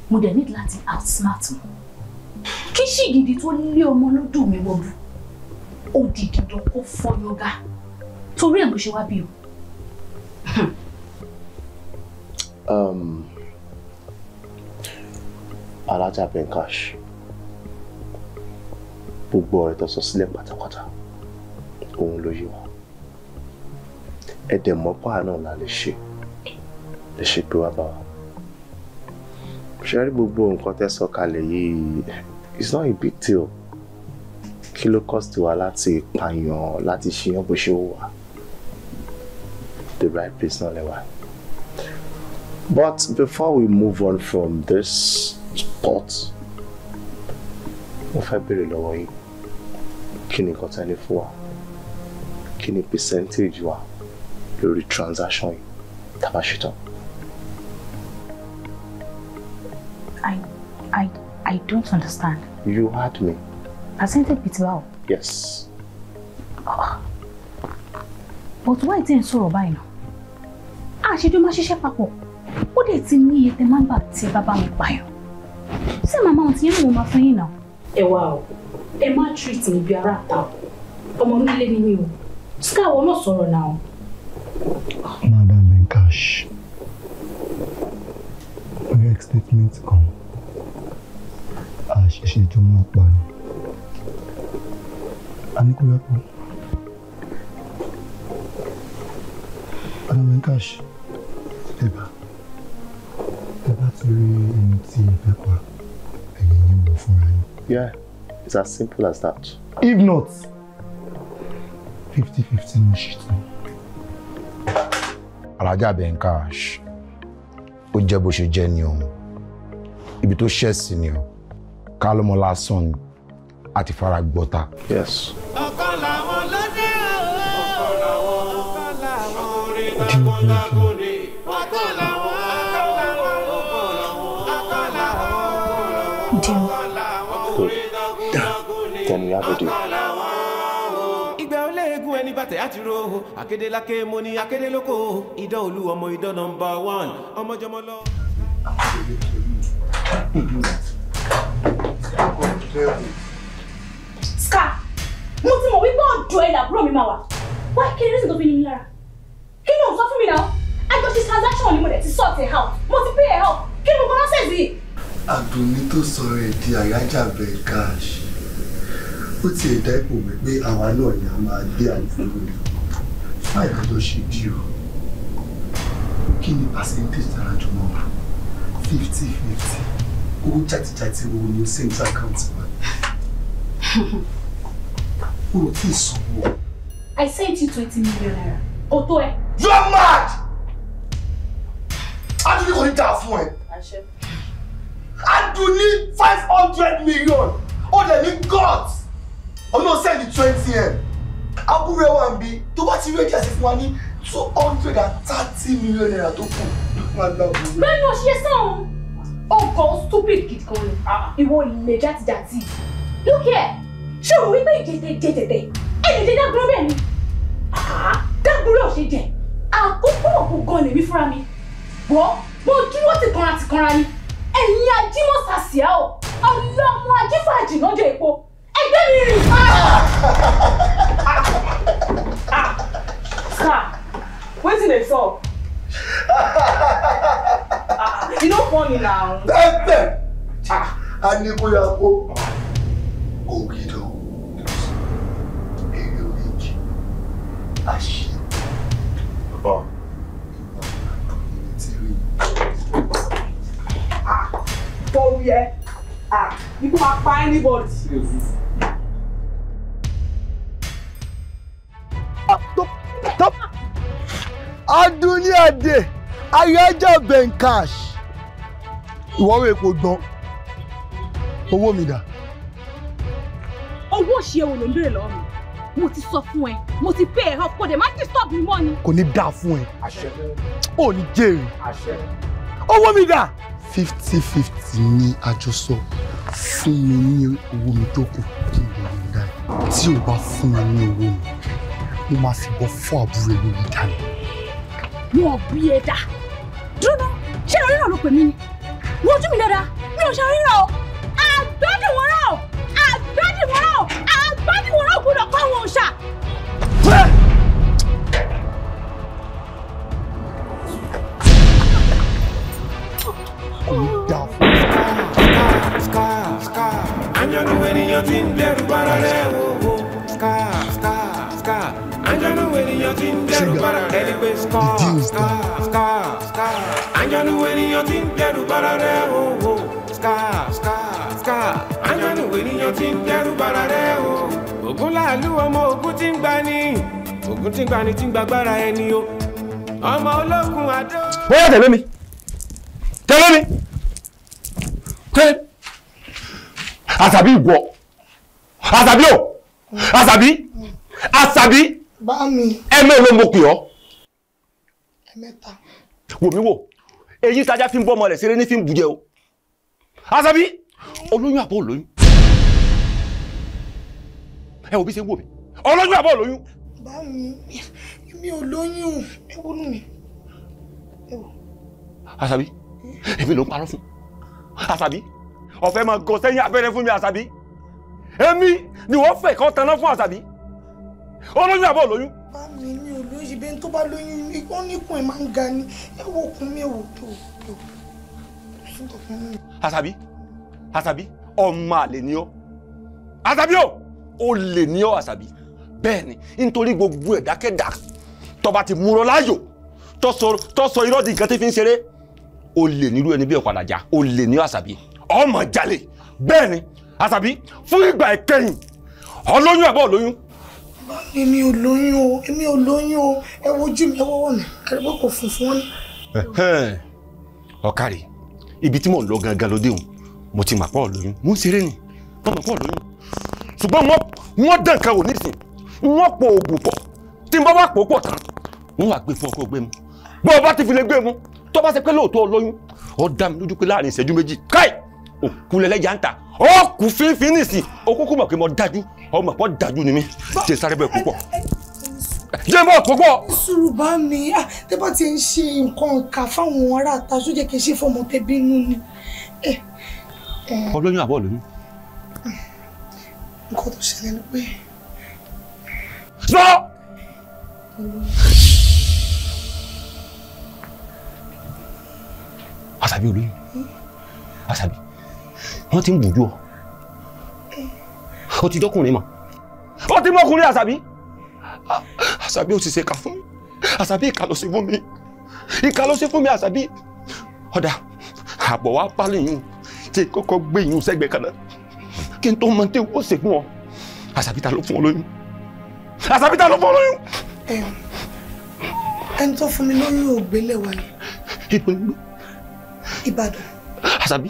Mo dẹ̀ need láti outsmart wọn. Kí ṣìgìdì tó lé ọmọ lódù mi wọ́lu, ó di dandan kó fọ́ yọgá. Torí ẹ̀ mo ṣe wá bí o. Um, Alájà Benkash, gbogbo ọ̀rẹ́ tó sọ sílẹ̀ pátápátá, òun ló yé wọn. Ẹ̀dẹ̀ mọ́pá náà la lè ṣe lè ṣe pé wá bá wa ṣe rí gbogbo nǹkan tẹ́ sọ kalẹ̀ yìí it's not a big deal kí ló cost wa láti pààyàn láti ṣiyàn bó ṣe wà the right place náà lẹ́wà but before we move on from this spot mo fẹ́ béèrè lọ́wọ́ yìí kí ni nǹkan tẹ́lẹ̀ fún wa kí ni percentage wa lórí transaction yìí tá a I, I, I don't understand. You heard me. Percentage been báwo? Yes. Oh. But why tí ń sọ̀rọ̀ báyìí náà? Àṣejọ máa ṣiṣẹ́ papọ̀. Ó dẹ̀ ti ní iye tẹ máa ń gbà tí bàbá mi pààyàn. Ṣé màmá òun ti yẹn mọ̀ máa fún yín náà? Ẹ wá o, ẹ má treat mi bí ara ta o. Ọmọ onílé ni mi o. Ṣé káwọn náà Madam Enkash statement kan àṣìṣe tó máa pa ni anikulapo adamenkash ẹ̀bà ẹ̀bà ti rí ẹni tí ẹ fẹ́ pa ẹ̀yìn yẹn mọ̀ fúnra yín. yeah it's as simple as that. if not fifty fifty mo ṣì tún. alájà bẹ́ńkà ó jẹ́ bó ṣe jẹ́ ni òun ibi tó ṣẹ̀ sí ni o ká lásán ni àti fara gbọ́ta. yes. ọkọ làwọn ló dé ọwọ́ ọkọ làwọn ọkọ egun ẹni bàtẹ̀ àti ro akédéláké mo ní akédélókò idán olú ọmọ idán nọmba one ọmọjọmọ lọ. Scar, mo ti mọ̀ wípé ọ̀dọ̀ ẹ̀ làbúrò mi máa wà. Wá kí ni tó fi ní Lara, lára? Kí ni òun sọ fún mi náà? Àjọṣe transaction ni mo dẹ̀ ti sort ẹ̀ out. Mo ti pay ẹ̀ out. Kí ni mo gbọ́dọ̀ ṣe sí? Àdùnní tó sọ̀rọ̀ ẹ̀ di àyájà bẹ̀ cash. O ti ẹ̀dá ipò mi pé àwa náà ni a máa gbé àìfúró rẹ̀. Báyìí ló ṣe dí o. Kí ni percentage tara jùmọ̀ wà? Fifty fifty owó jàtìjàtì wo ni o sì ń ta I sent you twenty million naira. O tó ẹ. You are mad! Adúlé kò ní dáa fún ẹ. Adúlé five hundred million. Ó dẹ̀ ní gods. Ọ̀nà sẹ́ni twenty m. Abúrẹ́ wà ń bi tó bá ti rí ẹ̀jẹ̀ sí fún wa ní two hundred and thirty million naira tó kù. Bẹ́ẹ̀ni òṣìṣẹ́ sọ̀rọ̀ ó kàn stupid gidi kan ni ah. ìwọ ilẹ̀ játijàti look here ṣé o wípé ìjẹtẹ jẹ tẹtẹ ẹnì jẹ dágbúrò bẹ́ẹ̀ ni ah, dágbúrò ṣe jẹ àkókò òkú gan lèmi fúnra mi wọ́ mo dúró ti kanra ti kanra ni ẹ̀yin ajímọ̀ sàṣìá o ọlọ́mọ ajífàjì lọ́jọ́ èpo ẹgbẹ́ mi rìn. Ah. sir wetin dey sup you no funny now. ẹ̀bẹ̀ a ní bóyá kó ògidò èrè oríjì àṣìṣe. bàbá ah. torí Ah, you máa find anybody. Stop! Stop! adúníàdè ayájà benkash ìwọ́wé epo gbọ́n owó mi dà. owó òṣìṣẹ́ wo ló ń béèrè lọ́wọ́ mi mo ti sọ fún ẹ mo ti pay ẹ ọkọ dẹ má disturb mi mọ́ ni. kò ní dáa fún ẹ ò ní jèrè owó mi dà. fifty fifty ni àjọsọ fún mi ní owó mi tó kù kí n lè rí i dáa tí o bá fún mi ní owó mi mo máa fi bọ́ fún àbúrò mi dání wọn ò bí ẹ dá dúró ṣé ìrora ló pè mí ni wojú mi dáadáa mi ò ṣe àríra o. ẹni tí ń gbàgbára ẹni o ọmọ ológun adó. bóyá tẹ̀lé mi tẹ̀lé mi tẹ̀lé àṣàbí ìwọ àṣàbí o àṣàbí àṣàbí ẹ̀mẹ́ ló mo pè ọ́. ẹ̀mẹ́ta. wò mí wò èyí sájà fi ń bọ́ ọmọ rẹ̀ ṣeré ní fi ń bùjẹ o àṣàbí olóyún àbọ̀ olóyún ẹ wò bí ṣe ń wò mí olóyún àbọ̀ olóyún bá mi mi ò lóyún ẹ wọnú mi ẹ wò. àṣàbí èmi ló ń parọ́ fún àṣàbí ọ̀fẹ́ máa gọ sẹ́yìn abẹ́rẹ́ fún mi àṣàbí èmi ni wọ́n fẹ̀ kọ́ taná fún àṣàbí olóyún àbọ̀ lóyún. bá mi ní olóyún ṣe bẹ́ẹ̀ tó bá lóyún ní ó níkùn ẹ̀ máa ń ga ni ẹ wo okùn mi ẹ wò tó tó àṣàbí àṣàbí ọmọ àlè ni ọ́ àṣàbí ò olè ni ọ́ àṣàbí bẹ́ẹ̀ ni nítorí gbogbo ẹ̀dákẹ́dá tó bá ti múrọ láàyò tó sọ irọ́ di nǹkan tí fi ń ṣeré o lè nílú ẹni bí ọ̀padà já o lè ní àṣàbí ọmọ jalè bẹ́ẹ̀ ni àṣàbí fún ìgbà ìkẹyìn ọlóyún àbọ̀ olóyún. èmi ò lóyún o èmi ò lóyún o ẹ wojú mi ẹ wọ́wọ́ mi ẹ̀rọ kò funfun wọn. ọ̀kàrì ibi tí mò ń lọ gangan lóde òun mo ti mà pọ̀ lóyún mo ń ṣeré ni mo mà pọ̀ lóyún ṣùgbọ́n wọ́n dàn kan ò nídìí wọ́n pò ògùn pọ̀ tí n bá wà pòpọ̀ tán wọ́n wà gbé fún ọkọ̀ gbé mu bó o bá ti fi lè gbé mu tó bá ṣe pé lóòótọ́ lóyún ó dá mi lójú pé láàrin ìṣẹ́jú méjì káì òkú lẹ́lẹ́jà ń ta ó kù fínfín nìsín okókó mọ̀ pé mo dájú ọmọ pọ̀ dájú ni mi jẹ́ sáré bẹ́ẹ̀ púpọ̀ jẹ́ mọ́ púpọ̀. sùúrù bá mi tẹ́ bá ti ń ṣe nǹkan ìka fáwọn ará àta sójú kì í ṣe fọmọ tẹbí inú ni. ọlọ́yún àbọ̀ lóyún. nǹkan tó ṣẹlẹ̀ ni pé sọ̀rọ̀. àṣàbí olóyún àṣàbí wọ́n ti ń bùjú ọ ó ti dọ́kùnrin mọ̀ ó ti mọ́kùnrin àṣàbí àṣàbí ó ti ṣe kà fún mi àṣàbí ìkà ló ṣe fún mi ìkà ló ṣe fún mi àṣàbí ọ̀dà àbọ̀ wa pálí yìí tí kọ́kọ́ gbé yìí sẹ́gbẹ̀ẹ́ kan àṣàbí ta ló fọ́ lóyún. ẹni tó fún mi lóyún ògbélé wa ni. ìpè ń ìbàdàn. àṣàbí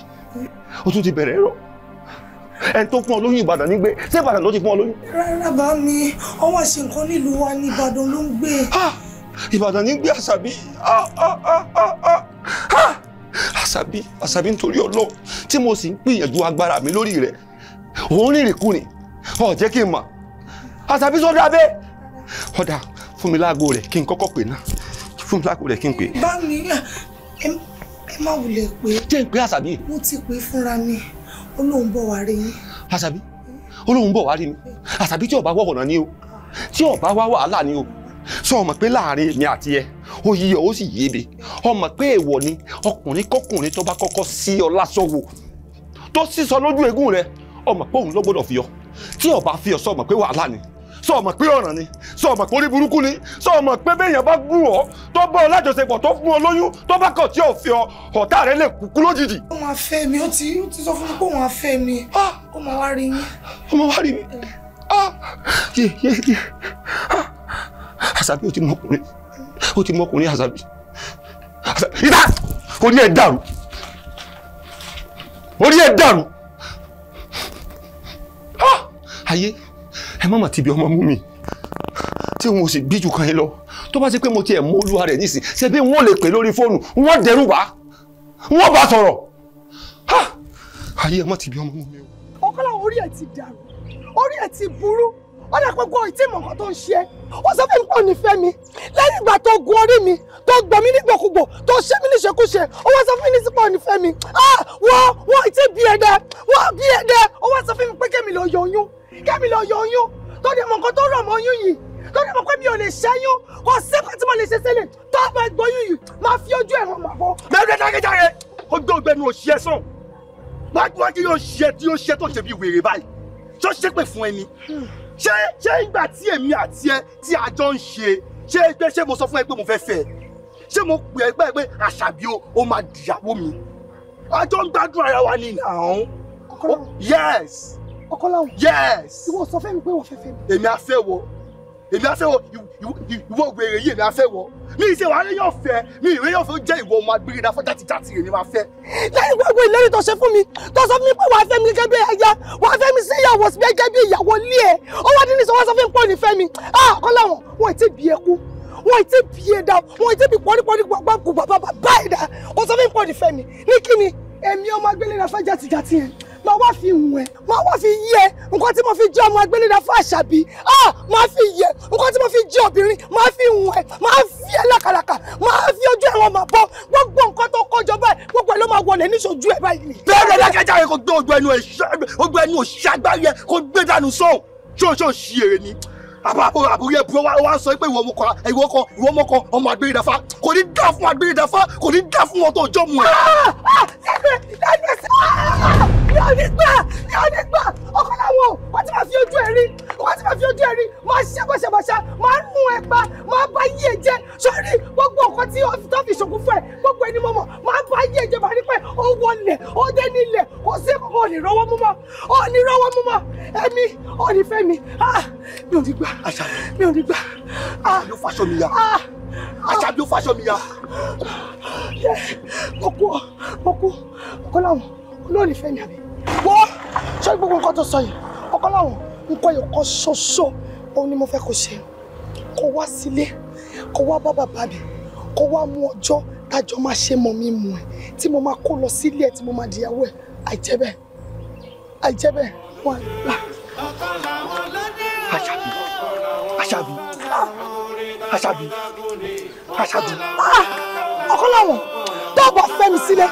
o tún ti bẹ̀rẹ̀ rọ ẹni tó fún ọ lóyún ìbàdàn ní gbé ṣé ìbàdàn ló ti fún ọ lóyún. rárá bá mi ọwọ́ ṣe nǹkan nílùú wa ní ìbàdàn ló ń gbé. ìbàdàn ní àṣàbí àṣàbí àṣàbí nítorí ọlọ́run tí mo sì ń gbìyànjú agbára mi lórí rẹ̀ òun rìnrìn kùnrin ó jẹ́ kí n mọ̀ àṣàbí sọ́dọ̀ abẹ́ ọ̀dà fún mi láago rẹ̀ kí n kọ́kọ́ pè náà fún mi láago rẹ̀ kí n pè. bámi ẹ má wulẹ̀ pé. jẹ́ ń pé àṣàbí. mo ti pè fúnra mi olóhùn bọ̀ wá rí yín. àṣàbí olóhùn bọ̀ wá rí mi àṣàbí tí ó bá wọ̀ ọ̀nà ni o tí ó bá wá wàhálà ni o sọ ọmọ pé láàrin èmi àti ẹ ó yíyọ ó sì yéebe ọmọ pé èèwọ̀ ni ọkùnrin kọkùnrin tó bá kọ́kọ́ sí ọ lásán wò tó sísọ lójú eégún rẹ ọmọ pé òun ló gbọ́dọ̀ fi ọ tí ó fi ọ sọ ọmọ pé wàhálà ni sọ ọmọ pé ọ̀ràn ni sọ ọmọ pé orí burúkú ni sọ ọmọ pé béèyàn bá gún ọ tó bá ọ lájọṣepọ̀ tó fún ọ lóyún tó bá kọ̀ tí ò fi ọ ọ̀tá rẹ lè kúkú lójijì. ó máa fẹ́ mi ó ti ó ti sọ fún mi pé òun á fẹ́ mi ah! ó máa wá rí yín. ó máa wá rí mi ah! yé yé yé ah! àṣàbí ó ti mọ ọkùnrin ó ti mọ ọkùnrin àṣàbí ìdá orí ẹ̀ dàrú orí ẹ̀ dàrú ayé ẹ má mà ti bí ọmọ mú mi tí wọn ò sì bí ju kan yín lọ tó bá ti pé mo tiẹ̀ mú olúwa rẹ̀ nísìn ṣe bí wọn ò lè pè lórí fóònù wọn dẹrù bá wọn bá sọ̀rọ̀ ayé ẹ má ti bí ọmọ mú mi o. ọ̀kọ́lá orí ẹ̀ ti dàrú orí ẹ̀ ti burú ó dà pé gbọ́ ìtí ìmọ̀ nǹkan tó ń ṣe ó sọ fún mi pé ònífẹ́ mi lẹ́yìn ìgbà tó gun orí mi tó gbọ̀n mi nígbòkúgbò tó ṣe mí níṣekúṣe ó wá sọ fún mi ní sípò ònífẹ́ mi ah! wọ́n wọ́n ìtí bí ẹ̀dẹ̀ wọ́n bí ẹ̀dẹ̀ ó wá sọ fún mi pé kémi lọ yọ oyún kẹ́mi lọ yọ oyún tó dé mọ̀ nǹkan tó rọ̀ mọ́ oyún yìí tó dé mọ̀ pé mi ò lè ṣẹ́yún kò sí nǹkan tí mo lè ṣe sílẹ̀ tó bá gbóyún yìí máa fi ojú ẹ̀rọ mà bọ́. bẹ́ẹ̀ dákẹ́járe ó gbé ọgbẹ́nu òṣì ẹ̀ sàn wájúwájú yóò ṣe tí yóò ṣe tó ṣe bí wèrè báyìí tó ṣépè fún ẹni ṣé ṣé ìgbà tí èmi àti ẹ tí a jọ ń ṣe ṣé ẹgbẹ́ ṣé mo sọ fún ẹ pé mo fẹ́ fẹ́ ṣé mo pè ẹ pé àṣàbí ó máa dìyàwó mi a jọ ń gbádùn ara wa ni ìnáwó yes ọkọ láwọn. yes. ìwọ sọ fẹ́mi pé wọ́n fẹ́ fẹ́mi. èmi á fẹ́ wọ èmi á fẹ́ wọ ìwọ gbèrè yìí èmi á fẹ́ wọ mi ìṣe wàá yóò fẹ́ mi ìwé yóò fẹ́ jẹ́ ìwọ ọmọ agbèrèdà fún jáde jáde èmi máa fẹ́. lẹ́yìn gbogbo ìlérí tó ṣe fún mi tó sọ fún mi pé wàá fẹ́ mi gẹ́gẹ́ bí ẹ̀yà wàá fẹ́ mi sí ìyàwó sí gẹ́gẹ́ bí ìyàwó lé ẹ̀ ó wá dín ní sọ wọ́n sọ fún mi pé ò ní fẹ́ mi ọkọ láwọn wọn ì tí bí ẹkú wọn ì tí bí ẹ̀dá wọn ì tí bí pọ́nipọ́ni gbàgbà bàbá ẹ̀dá ó sọ fún mi pé ò ní fẹ́ mi ní kíni èmi ọmọ agbèrèdà fún jáde jáde yẹn máa wá fi hùn ẹ máa wá fi yẹ nǹkan tí mo fi jẹ́ ọmọ agbélédà fún àṣàbí ah máa fi yẹ nǹkan tí mo fi jẹ́ obìnrin máa fi hùn ẹ máa fi ẹ lákàlàkà máa fi ojú ẹ̀rọ máa bọ́ gbogbo nǹkan tó kọjọ báyìí gbogbo ẹ ló máa wọlé níṣojú ẹ báyìí ni. bẹ́ẹ̀ lọ́kẹ́jà rẹ kò gbé ojú ẹnu ojú ẹnu òṣì agbárí ẹ kò gbé dànù sóhùn ṣóṣó ṣì èrè ni àbúrí ẹbùrọ wa sọ pé ìwọ ọmọkọ ìwọ ọkọ ìwọ ọmọkọ ọmọ àgbèrèdàfà kò ní dá fún àgbèrèdàfà kò ní dá fún wọn tó jọ mu ẹ mi ò ní gbà mi ò ní gbà ọkọ làwọn ò wọ́n ti máa fi ojú ẹ̀ rí wọ́n ti máa fi ojú ẹ̀ rí máa ṣe bọ́ṣẹ̀bọ́ṣẹ̀ máa nù ẹ̀ pa máa bá yí ẹ̀ jẹ́ sórí gbogbo nǹkan tí tó fi ṣògùn fún ẹ̀ gbogbo ẹni mọ̀mọ̀ máa bá yí ẹ̀ jẹ́ máa rí pé ó wọlé ó dé nílẹ̀ kò sí kankan ò ní rọwọ́ mú mọ́ ò ní rọwọ́ mú mọ́ ẹ̀mí ò ní fẹ́ mi ah, mi ò ní gbà mi ò ní gbà. Ah, ló faṣọ mi ya ah. àṣàbí ó faṣọ mi ya. mo kú ọ mo kú ọkọ làwọn olóòní fẹ́ mi àbí wọ́n ṣé gbogbo nǹkan tó sọ yìí ọkọ láwọn nǹkan ẹ̀yọ̀ kan ṣoṣo òun ni mo fẹ́ kó ṣe kó wá sílé kó wá bá bàbá mi kó wá mú ọjọ́ tájọ máa ṣe mọ̀ mi mú ẹ̀ tí mo máa kó lọ sílé ẹ̀ tí mo máa dìyàwó ẹ̀ àìjẹ́ bẹ́ẹ̀ àìjẹ́ bẹ́ẹ̀ wọ́n là. Àṣàbí Àṣàbí Àṣàbí Àṣàbí ọkọ láwọn ah! tó bá fẹ́ mi sílẹ̀.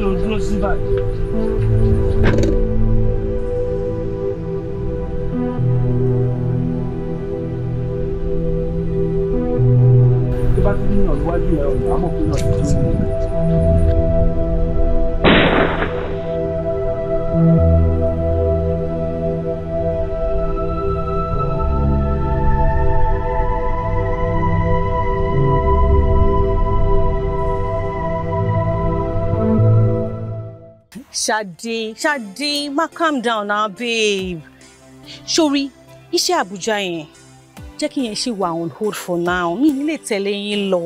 ló dúró sí báyìí. tó ní ọ̀nà iwájú ẹ̀ ọ̀nà àmọ̀ pé náà ti dúró. Ṣadé Ṣadé ma, calm down now, babe. Ṣorí iṣẹ́ Àbújá yẹn jẹ́ kí yẹn ṣe on hold for now mi nílé tẹ̀lé yín lọ.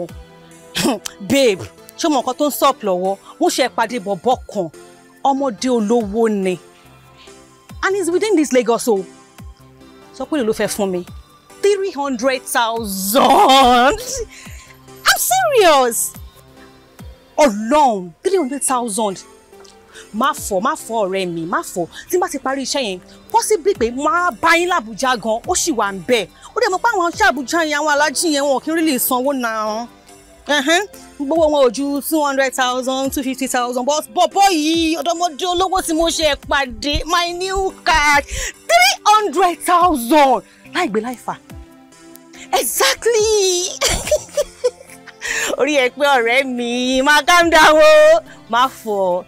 babe ṣé mo nǹkan tó ń sọ̀p lọ́wọ́ mo ṣe pàdé bọ̀bọ̀ kan ọmọdé olówó ni and it's within this Lagos So, sọ pé ló fẹ́ fún mi three hundred thousand I'm serious ọlọ́run three hundred thousand má fọ má fọ ọ̀rẹ́ mi má fọ tí bá ti parí iṣẹ́ yẹn possibly pé máa bá yín làbújá gan ó sì wà ń bẹ̀ ó dẹ̀ mọ̀ pé àwọn iṣẹ́ àbújá yẹn àwọn alájí yẹn wọn kì í rí lè sanwó náà gbogbo wọn ò ju two hundred thousand two fifty thousand but bọ̀bọ̀ yìí ọ̀dọ́mọdé olówó tí mo ṣe pàdé my new card three hundred thousand láìgbé láìfà exactly orí ẹ pé ọ̀rẹ́ mi máa calm down o máa fọ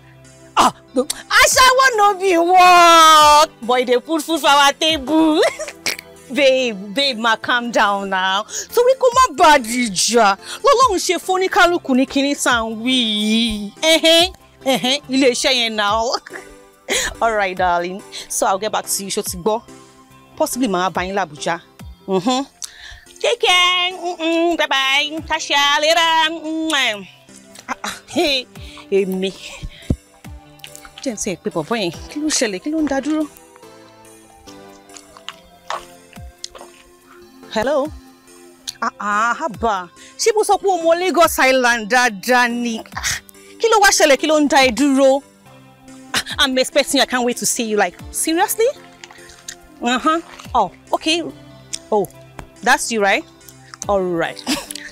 Ah, no. Ashawo no be work. Boy, they put food for our table. babe, babe, ma calm down now. So we come bàa dìjà. Lọ́lọ́run ṣe fún oníkálukú ní kinní tá à ń wí yìí. Ẹ̀hẹ́n, ẹ̀hẹ́n, ilé-iṣẹ́ now. All right, darling. So I'll get back to you. Ṣó Go. Possibly màá bá l'Abuja. Mm-hmm. Take care. Mm-mm, bye-bye. Tasha, later. Mm-mm. Ah, ah, hey, èmi. Hey, jẹ́ ti pé bọ̀bọ̀ yẹn kí ló ṣẹlẹ̀ kí ló ń dúró. hello àbá ah, ah, ṣé mo sọ pé o mọ Lagos Island dáadáa ni kí ló wá ṣẹlẹ̀ kí ló ẹ dúró I'm expecting I can't wait to see you like seriously uh-huh oh okay oh that's you right all right.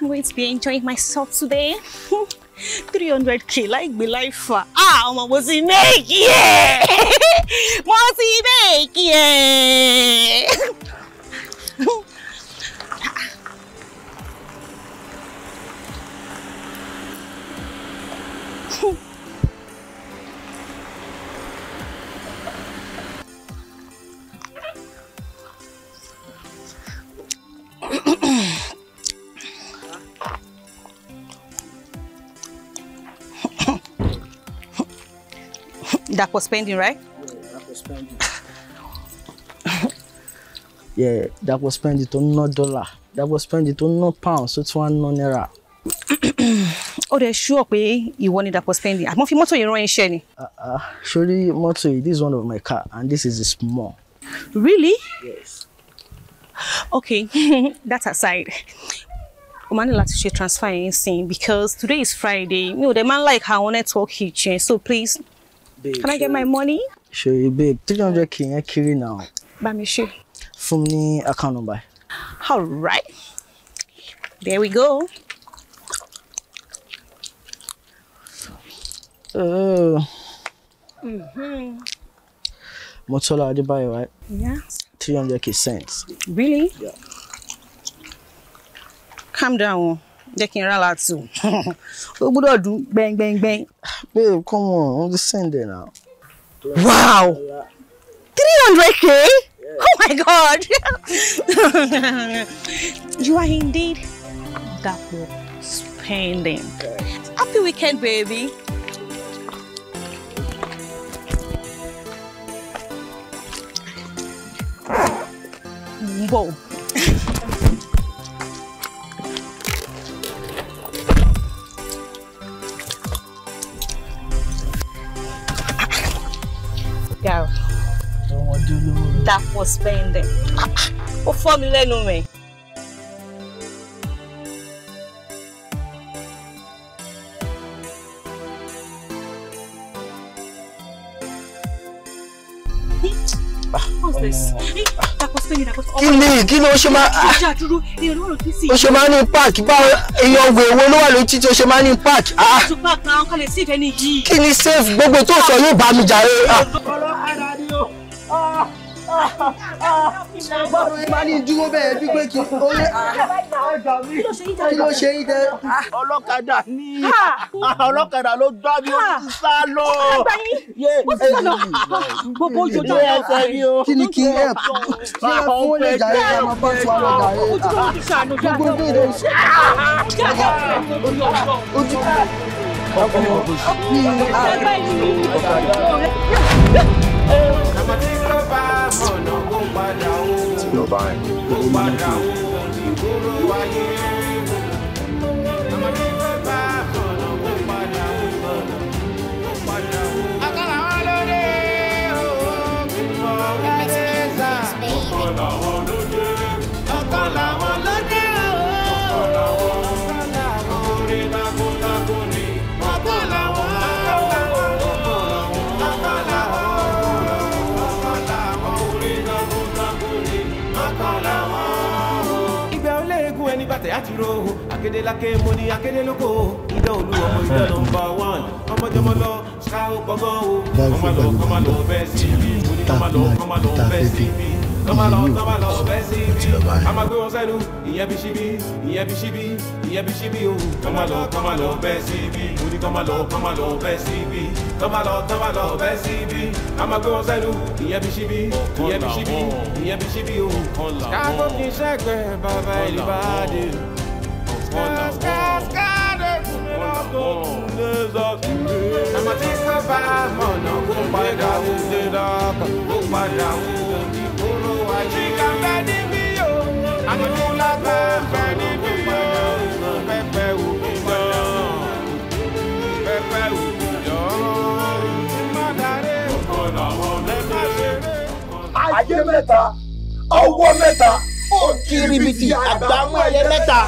I'm going to be enjoying myself today. 300k like my life. Ah, ọmọ was ti make yeah! Mo make yeah! That was pending, right? Yeah, that was pending. yeah, that was pending tó ná dollar. That was pending to no pound so it's one ná náírà. Ó dẹ̀ sure pé ìwọ ni that was pending. Àmọ́ fi mọ́tò yẹn rán iṣẹ́ ni. Uh, surely motor. this is one of my car and this is small. Really? Yes. Okay, that aside o máa ní transfer yẹn sìn because today is Friday You ò dẹ̀ máa ń like àwọn network yìí so please Babe, Can I get my money? Sure, babe. 300k yẹn carry now. Bá me ṣe. From mi account number. All right. There we go. Oh. Mm-hmm. Motola Adebayo, right? Yeah. 300k cents. Really? Yeah. Calm down. jẹ́ kí n what do I do? Bang bang bang. babe come on i'm just saying there now. wow three hundred k yeah. oh my god you are indeed dapo spending okay. happy weekend baby. Whoa. ga o. ọmọdé olówó rẹ. Dàpọ̀ spẹ́ndẹ̀ ó What's this? Oh kíni kí ló ṣe máa ó ṣe máa ní park báwo èèyàn ògùn èwo ló wà lójú tí ó ṣe máa ní park. Ah. kí ni safe gbogbo tó sọ yóò bá mi jàre. ọlọ́kadà ah bọ́ọ̀lù ìbá ní dúró bẹ́ẹ̀ bí pé kí o lè kí ló ṣe yín tẹ. ọlọ́kadà ni ah, ọlọ́kadà ló gbá mi ó ti sá lọ. gbogbo ojú tó yẹ ni o. kí ni kí ah, ẹ fún olè jàre ká máa bá tiwa lọ jàre. Ah, gbogbo ojú ìdè ṣe. ojú ọkọ mi ò bọ̀ sí. No ọba ẹ̀ hero akédéláké eh. mo ní akédélókò ìdá olú ọmọ ìdá nọmba one ọmọjọmọ lọ ṣá ó gbọngàn o kọmọlọ kọmọlọ bẹẹ sí mi mo ní kọmọlọ kọmọlọ bẹẹ sí mi kọmọlọ kọmọlọ bẹẹ sí mi amagbé wọn sẹnu ìyẹn bí síbí ìyẹn bí síbí ìyẹn bí síbí o kọmọlọ kọmọlọ bẹẹ sí mi mo ní kọmọlọ kọmọlọ bẹẹ sí mi kọmọlọ kọmọlọ bẹẹ sí mi amagbé wọn sẹnu ìyẹn bí síbí ìyẹn bí síbí ìyẹn bí síbí o. káàkó kì í ṣẹ́gbẹ̀ẹ́ bàbá ìlú bá dé padà wò lè dàgbà ó padà wò ní kúrò ayé. Ìka fẹ́ níbí o, àdúgbò fẹ́ níbí o, pẹpẹ wò mí jọ, pẹpẹ wò mí jọ. Mọ̀dàrẹ́ ọ̀nà wọn mẹ́ta ṣe rẹ̀. Ayé mẹ́ta, ọwọ́ mẹ́ta, ó kiri bìtì àgbámú ẹyẹ mẹ́ta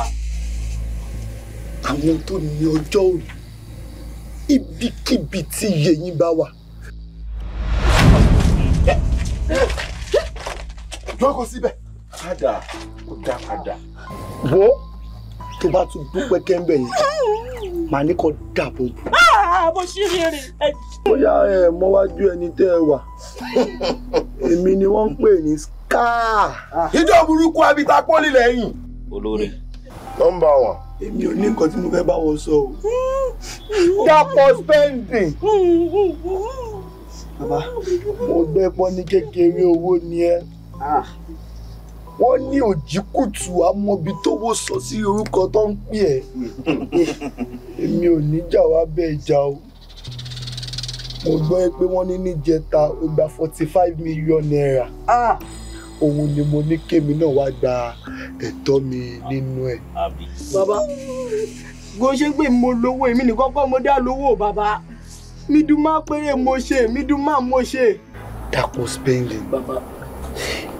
àwọn tó ní ọjọ́ òní ibikíbi tí iye yín bá wà. jókòó síbẹ̀ padà kò dá padà. wo tó bá tún dúpẹ́ kẹ́ńbẹ̀ yẹn màá ní kó dàbò. mo ah, ṣí rere. bóyá ẹ mọ́wájú ẹni tẹ́ ẹ wà èmi ni wọ́n ń pè ní scar. ìjọ burúkú abita pọ́lì lẹ́yìn. olórí. nọ́mbà one èmi ò ní nǹkan tí mo fẹ́ bá wọn sọ o. dápọ̀ spẹ́ǹdì. bàbá mo gbẹ́pọ̀ ní kékeré owó ni ẹ. Ah. wọ́n ní òjìkùtù amọ̀bi tówó sọ sí orúkọ tó ń pè ẹ́. èmi ò ní jà wá bẹ́ẹ̀ jà o. mo gbọ́ pé wọ́n ní níjẹta ó gba forty five million naira. Ah òun ni mo ní kémi náà wá gba ẹ̀tọ́ mi nínú ẹ̀. bàbá kò ṣe pé mo lówó èmi nìkan kọ́ mo dá lówó bàbá mi dùn máa péré mo ṣe mi dùn máa mo ṣe. dapò spending bàbá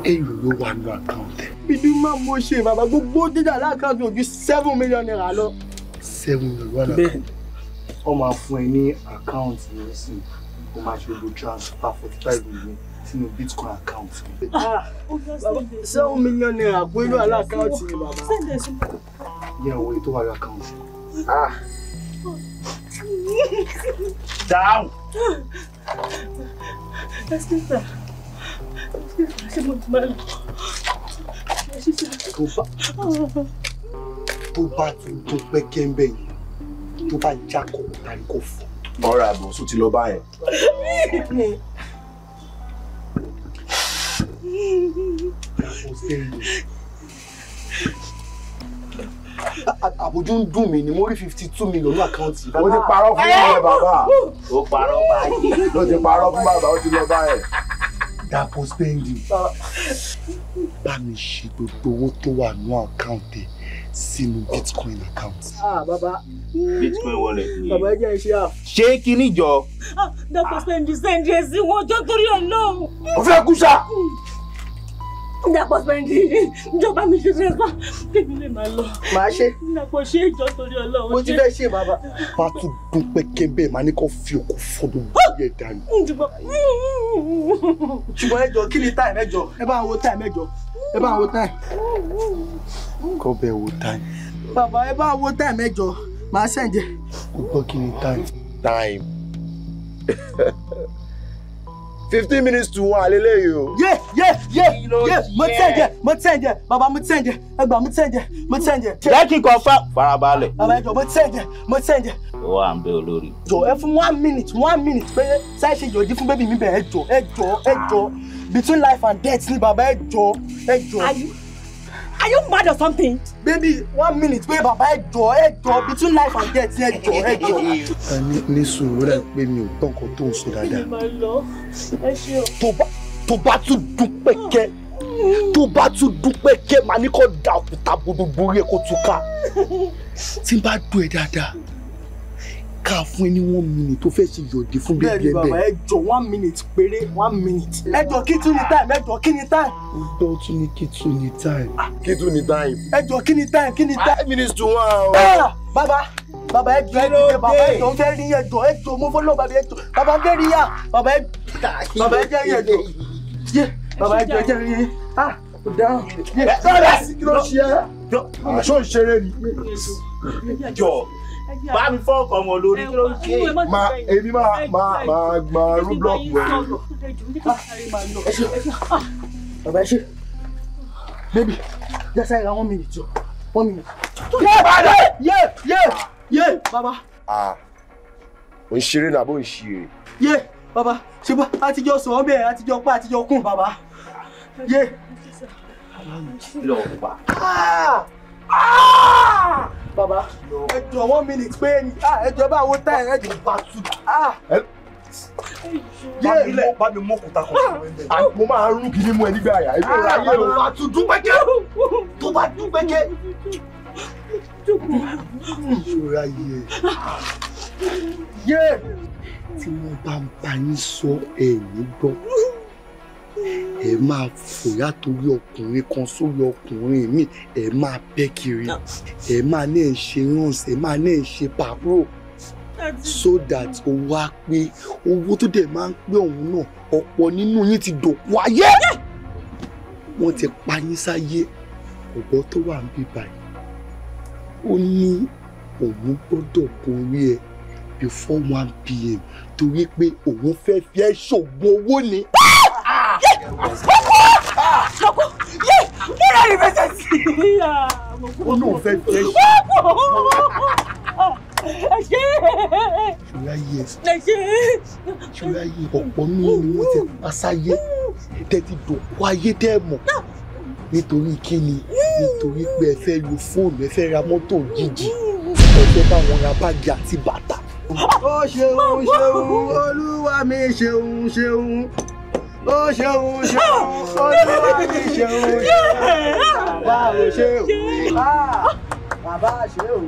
èyí ló wà ní àkáǹtì. mi dùn máa mo ṣe bàbá gbogbo dídà láàkáǹtì ojú seven million naira lọ. seven million wà lákàtúntì. wọ́n máa fún ẹ ní àkáǹtì yẹn sí i kó máa ṣe gbogbo transfer forty five million sínú bitcoin account mi. seven million naira gbóyún aláàkáǹtì mi bàbá. yẹ àwọn èyí tó wà lákàǹtì. Ah. dáhùn. tó bá ti tó pẹ́ kẹ́ńbẹ́ yìí tó bá jákòó tàbí kò fọ́. ọ̀rọ̀ àbọ̀ sùn ti lọ báyẹn. àbójú ń dùn mí ni mo rí fifty two million ní àkáǹtì. ó ti parọ́ fún bàbá bàbá. ó parọ́ báyìí. ó ti parọ́ fún bàbá ó ti lọ báyìí. Dàpọ̀ spending. bá mi ṣe gbogbo owó tó wà ní àkáǹtì sínú bitcoin account. ah bàbá. bitcoin wallet ni. bàbá jẹ́ iṣẹ́ à. ṣé kí ni jọ. Dàpọ̀ spending send ẹ̀ sí wọn ọjọ́ torí ẹ̀ náà. ó fẹ́ kú sa dàpọ̀ spẹ́ndì ìjọba mi ṣe fẹ́ fà tèmi lè máa lọ. màá ṣe. dàpọ̀ ṣe ìjọ torí ọlọ́run ṣe. mo ti fẹ́ ṣe bàbá. bá a tún dún pẹ́kẹ́bẹ́ màá ní kó fi òkú fọdún bí ẹ dání. ṣùgbọ́n ẹjọ́ kí ni táì mẹ́jọ ẹ bá wo táì mẹ́jọ ẹ bá wo táì. kọ́ bẹ́ẹ̀ wo táì. bàbá ẹ bá wo táì mẹ́jọ màá ṣẹ̀ǹjẹ̀. gbọ́ kí ni táì. táì. fifteen minutes to one àlélẹ́ yìí o. yé yé yé yé mo tẹ̀ jẹ mo tẹ̀ jẹ bàbá mo tẹ̀ jẹ ẹgbà mo tẹ̀ jẹ mo tẹ̀ jẹ. jẹ́ kí n fa. farabalẹ̀. bàbá ẹ mo tẹ̀ mo tẹ̀ jẹ. ó wà bẹ olórí. jọ ẹ fún one minute one minute pé ṣáà ṣe yọjú fún bébí mi bẹ́ẹ̀ ẹ jọ ẹ jọ ẹ jọ between life and death ni Baba ẹ jọ ẹ jọ. Are you mad or something? Baby, one minute, pé bàbá head, jọ ẹ jọ between life and death head. jọ ẹ jọ. Ẹ ní ní sùúrù rẹ̀ pé mi ò gbọ́n kan tó ń sọ dáadáa. Tó bá tún dún pẹ́kẹ́, tó bá tún dún pẹ́kẹ́, màá ní kó da òkúta gbogbo orí ẹ̀ kó túká. Tí n bá dún ẹ dáadáa ká fún ẹ one minute tó fẹ́ ṣe yọ̀dí fún bíbí ẹ bẹ́ẹ̀. bàbá ẹ one minute péré one minute. ẹ jọ kí tún ni time ẹ jọ kí ni time. ó gbọ́ tún ní kí tún ni time. Ah, kí tún ni time. ẹ jọ kí ni time kí ni time. five minutes to one hour. Ah, bàbá bàbá ẹ jọ ẹ jọ bàbá ẹ jọ fẹ́ rí ẹ jọ ẹ jọ mo fọlọ́ bàbá ẹ jọ bàbá fẹ́ rí yà bàbá ẹ bàbá ẹ jẹ́ ẹ jọ bàbá ẹ jọ ẹ jẹ́ rí yẹ ah kò dáhùn. sọ́ọ̀dà sí kí ló ṣe é. aṣọ ìṣeré ni. jọ bá mi fọ́ ọkọ wọn lórí kí ló ń ṣe é. ma èmi máa máa máa máa rú blọọkù ẹ. ẹ ṣe bàbá ẹ ṣe bébì jẹ́sà ìra one minute jọ one minute. yé bàbá yé yé yé bàbá. ah ò ń ṣeré nàbó ń ṣeré. yé bàbá ṣe bá àtijọ́ sọ̀rọ̀ bẹ́ẹ̀ àtijọ́ pa àtijọ́ kùn bàbá yé. lọ́ọ̀ pa. Ah! bàbá ẹ jọ one minute pé ni ah, ẹ jọ bá wo tá ẹ jọ bá tù. Ah. yé bá mi mú òkúta kan ah. mo máa ń rún kí ni mú ẹ nígbà àyà ẹ lóra yé o. bàbá tún dúpẹ́kẹ́ tó bá dúpẹ́kẹ́. ìṣòro ayé yé tí mo bá ń bá yín sọ ẹ̀yìn gbọ́ ẹ máa fòyà torí ọkùnrin kan sórí ọkùnrin mi ẹ máa bẹ́ kiri ẹ máa ní ẹ̀ ṣe ránṣ ẹ máa ní ẹ̀ ṣe pàbúrò so that owó á pé owó tó dẹ̀ máa ń pé òun náà ọ̀pọ̀ nínú yín ti dòkú ayé wọ́n ti pa yín sáyé ọ̀gbọ́n tó wà ń bí báyìí ó ní òun gbọ́dọ̀ borí ẹ before one pm torí pé òun fẹ́ fi ẹ́ ṣògùn owó ni. Sọ́kọ́ yé kíra rí fẹsẹ̀ sí. Ó lóun ọ̀pọ̀ nínú ni wọ́n ti pasáyé tẹ́ ti dòkú ayé dẹ́ mọ̀ nítorí kíni nítorí pé ẹ fẹ́ lo fóònù ẹ fẹ́ ra mọ́tò jíjì ẹ fẹ́ bá wọn ra báàgì àti bàtà. Ó ṣeun ṣeun olúwa mi ṣeun ṣeun ó ṣeun ṣeun olúwa mi ṣeun ṣeun bàbá ò ṣeun bàbá ṣeun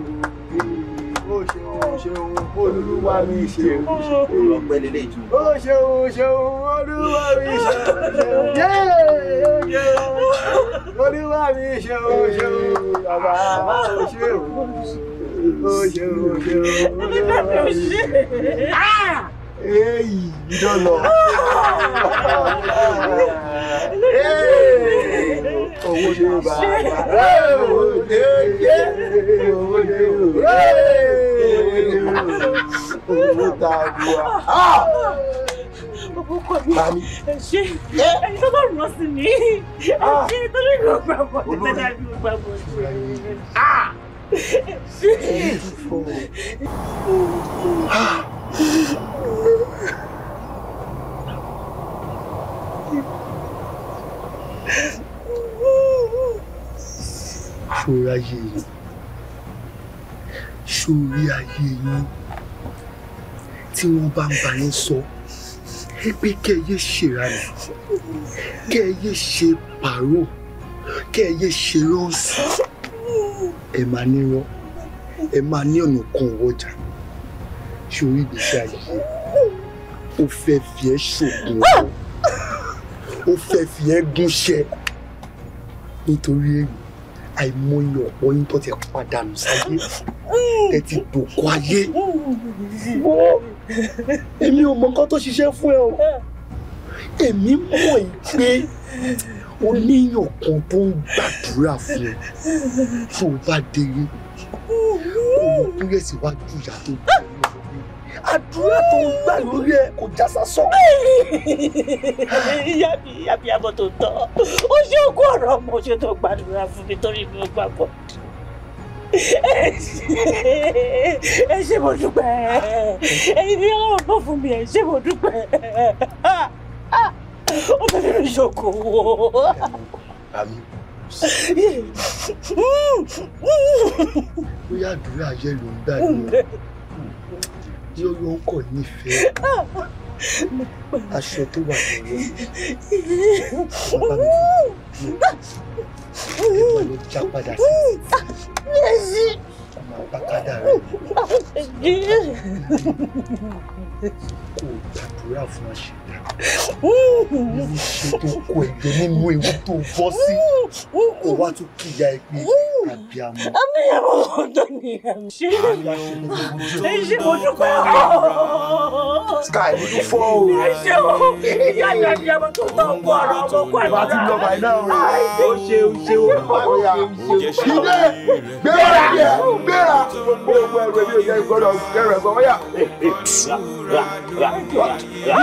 ó ṣeun ṣeun olúwa mi ṣeun ó ṣeun ṣeun olúwa mi ṣeun olúwa mi ṣeun ṣeun bàbá ò ṣeun ó ṣeun ṣeun olúwa mi ṣeun. Hey, you don't know. Owó dé bàbá. Owó dé dé. o. Owó tá a bu wa. Bàbá ọkọ mi. Ẹ ṣe ẹni rán sí mi. Ẹ ṣe torí ìgbà gbàgbọ́. Olórí. Ìgbà gbàgbọ́. Beautiful. ayé yìí. Ṣòrí ayé yín tí wọ́n bá ń bá yín sọ pé kẹ́ ẹ yé ṣèrànà kẹ́ ẹ yé ṣe pàrọ̀ kẹ́ ẹ yé ṣe rọ́ọ̀sì ẹ máa nírọ́ ẹ máa ní ọ̀nà kan ọ̀wọ́jà ṣòrí ìgbésí ayé ó fẹ́ fi ẹ́ ṣògùn ọ̀wọ́ ó fẹ́ fi ẹ́ gúnṣẹ́ nítorí èyí àìmọye ọ̀pọ̀ yín tó ti pàdánù sáyé ẹ ti dòkó ayé èmi ò mọ nǹkan tó ṣiṣẹ́ fún ẹ o èmi mọ̀ ẹ́ pé ó níyàn kan tó ń gbàdúrà fún ẹ tó o bá délé kò mọ kúrẹ́ síwájú ìyá tó dé àdúrà tó ń gbà lórí ẹ kò já sásán. ìyá mi ìyá mi àbọ̀ tó tọ́ ó ṣe ogún ọ̀rọ̀ ọmọ ṣe tó gbàdúrà fún mi torí mi ò gbàgbọ́ ẹ ṣé mo dúpẹ́ ẹ̀yin ni ọ̀rọ̀ bọ̀ fún mi ẹ ṣé mo dúpẹ́ ó fẹ́ fẹ́ mi ṣokòwò. àmì bóyá àdúrà ayé ló ń gbà ní yóò yóò kọ nífẹ̀ẹ́ aṣọ tó wà lọ́wọ́ bàbá mi ẹ máa lọ já padà sí ọmọ àbákádà rẹ kò tàdúrà fún àṣẹdá ní ṣe tó kó ẹgbẹ nínú ewu tó bọ́ sí kó wá tó kíyà ẹgbẹ àbí àmọ́. àníyàwó ọ̀dọ́ ni ṣe é ṣe mo dúpẹ́ ọ̀. sky mo tún fọ́ o. ẹ ṣe o ìyá ìyá ìyá mo tún tọ́ ọkọ ọ̀rọ̀ ọmọkọ àdúrà. ìbá ti lọ bàyí náà o ò ṣe o ṣe o bá mi yà o ṣe o. ilé gbéra gbéra gbogbo ẹrù ẹ̀mí ò jẹ́ ìgbọ́dọ̀ kẹrù ẹ̀gbọ́n wọ́n yà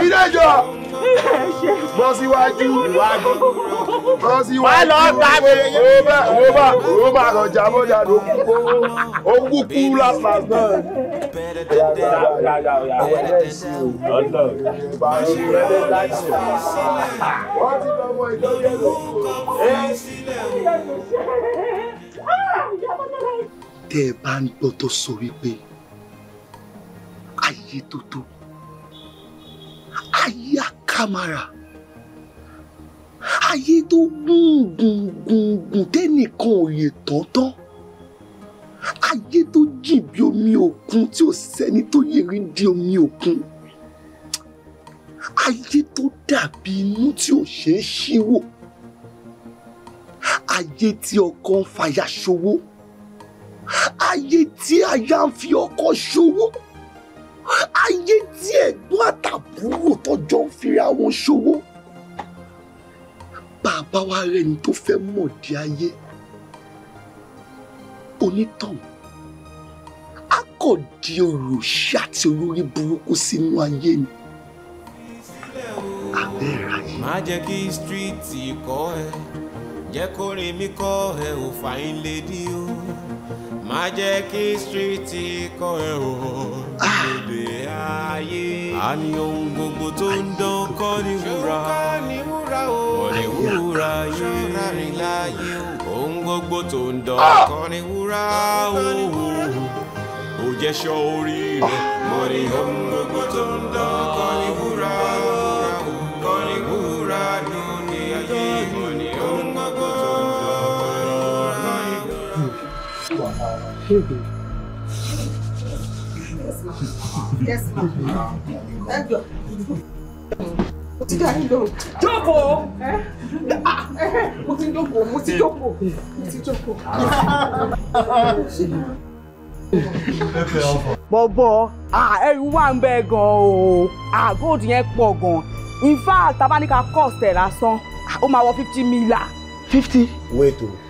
ìrẹ́jọ bọ́ síwájú bọ́ síwájú wọ́bà wọ́bà wọ́bà àrọ̀jà mọ́jà ló kú ó kú kú lápá náà tẹ́ ẹ bá ń gbọ́ tó sọ wípé ayé tó tó aya kamara ayé tó gùn gùn gùn gùn tẹ́nìkan ò yè tọ́tán ayé tó jìn bí omi òkun tí ò sẹ́ni tó yẹrí di omi òkun ayé tó dàbí inú tí ò ṣe é ṣíwò ayé tí ọkọ ń fàyà ṣòwò ayé tí aya ń fi ọkọ ṣòwò ayé tí ẹ̀gbọ́n àtàbúrò tọ́jọ́ ń fi àwọn ṣòwò bàbá wa rẹ̀ ni tó fẹ́ mọ̀ di ayé onítàn á kọ̀ di òròṣì àti olórí burúkú sínú ayé ni abẹ́ ìráyè. má jẹ́ kí stíríìtì kọ́ ẹ jẹ́ kó rin mi kọ́ ẹ ò fàyín lédi o má jẹ́ kí stíríìtì kọ ẹ o lòdì ah. ayé a ní ohun gbogbo tó ń dán kọ́ ní wúrà ọ̀rẹ́ wúrà yóò rìn ohun gbogbo tó ń dán kọ́ ní wúrà o ò ah. jẹ́ sọ orí rẹ̀ mọ́ ní ohun gbogbo tó ń dán. Yes, ma'am. Yes, ma'am. Thank you. Mo ti dá yín lóhùn. Jókòó! Mo ti jókòó, mo ti jókòó, mo ti jókòó. Bọ̀bọ̀, ẹ̀rù wà ń bẹ gan-an o. Àgóòdù In fact, tabaníkà cost a lásán, ó máa wọ fifty mila. Fifty? Wait o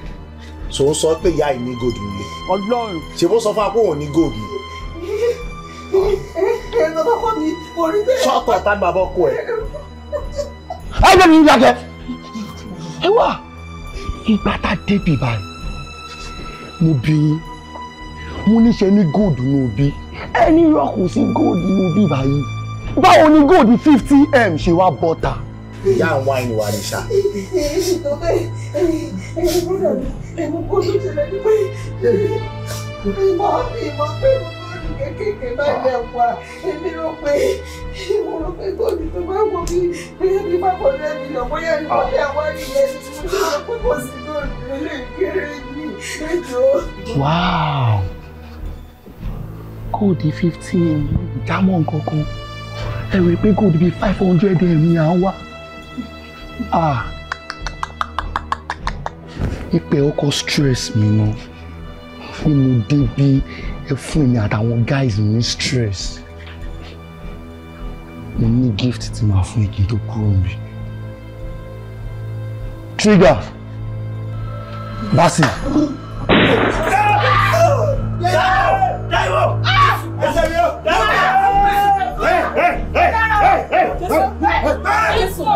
so ń sọ pé ìyá yìí ní gold nílé. ọlọ́run. ṣé bó sọ fún wa pé òun ní gold ni. ẹ̀rọ bàbá mi ta ni bàbá ọkọ ẹ̀. ẹ lè mi yàgẹ̀. ẹ wà ìgbà tá a débi báyìí mo bí yín mo níṣẹ́ ní gold ní òbí ẹni rọ kò sí gold ní òbí báyìí báwo ni gold fifty m ṣe wá bọ́ta ìyá àwọn àyìnwá rẹ̀ ṣá. Ìmọ̀ mi mọ̀ pé mo lórí kékeré bá yẹ wá. Èmi rò pé mo rò pé góòlù tó bá wọ mí bóyá mi bá kọ́ lẹ́mi lọ bóyá mi kọ́ lé àwọn ìyẹn tí mo ti rò pé kò sí góòlù lè fifteen, ìdámọ̀ nǹkan kan. Ẹ rí i pé five hundred ẹ̀ ní ah ìpè ọkọ stress mi nu bí mo débi ẹ e fún mi àtàwọn guys mi stress mo ní gift tí màá fún igi tó kúrò mi trigger basi. Taiwo! Ẹsẹ̀ mi o!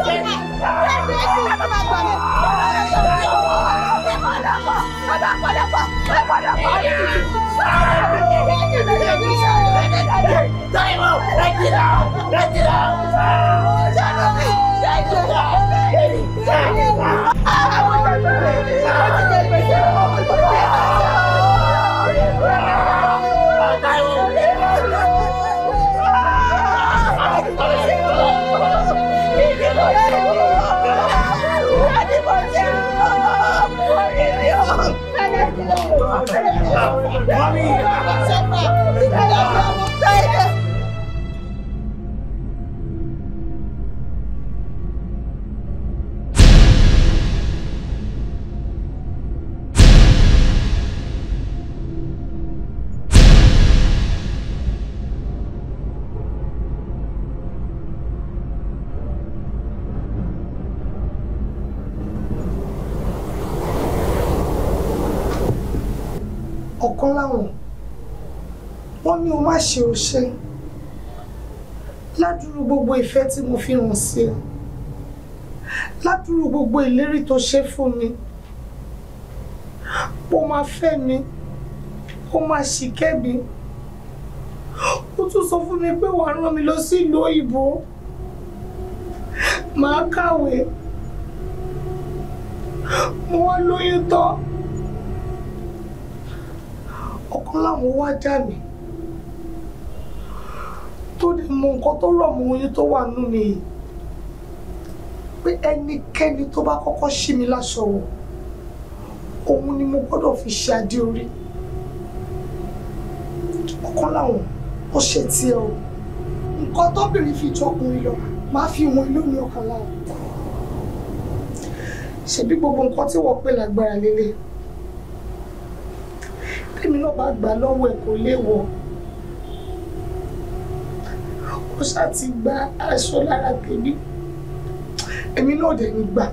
Ah! 妈咪，妈妈，你在哪里？kan láwọn wọ́n ní o má ṣe o ṣe ládùúrú gbogbo ìfẹ́ tí mo fi hàn sí ọ ládùúrú gbogbo ìlérí tó ṣe fún mi ó máa fẹ́ mi ó máa ṣìkẹ́ mi ó tún sọ fún mi pé wàá rán mi lọ sí ìlú òyìnbó màá kàwé mo wá lóyún tán kan láwọn wá já mi tó lè mọ nǹkan tó rọ̀ mọ́ oyún tó wà nù mi yìí pé ẹnikẹ́ni tó bá kọ́kọ́ ṣí mi láṣọ wọ̀ òun ni mo gbọ́dọ̀ fi ṣe adé orí ọ̀kan láwọn ó ṣe tiẹ̀ o nǹkan tóbìnrin fi jọkùnrin lọ máa fi wọn lómi ọkàn láwọn ṣebí gbogbo nǹkan tí wọ́n pè lágbára lélẹ̀ tèmi náà bá gbà lọ́wọ́ ẹ̀ kò léwọ́ ó ṣáà ti gba aṣọ lára tèmi èmi náà dẹ̀ ń gbà.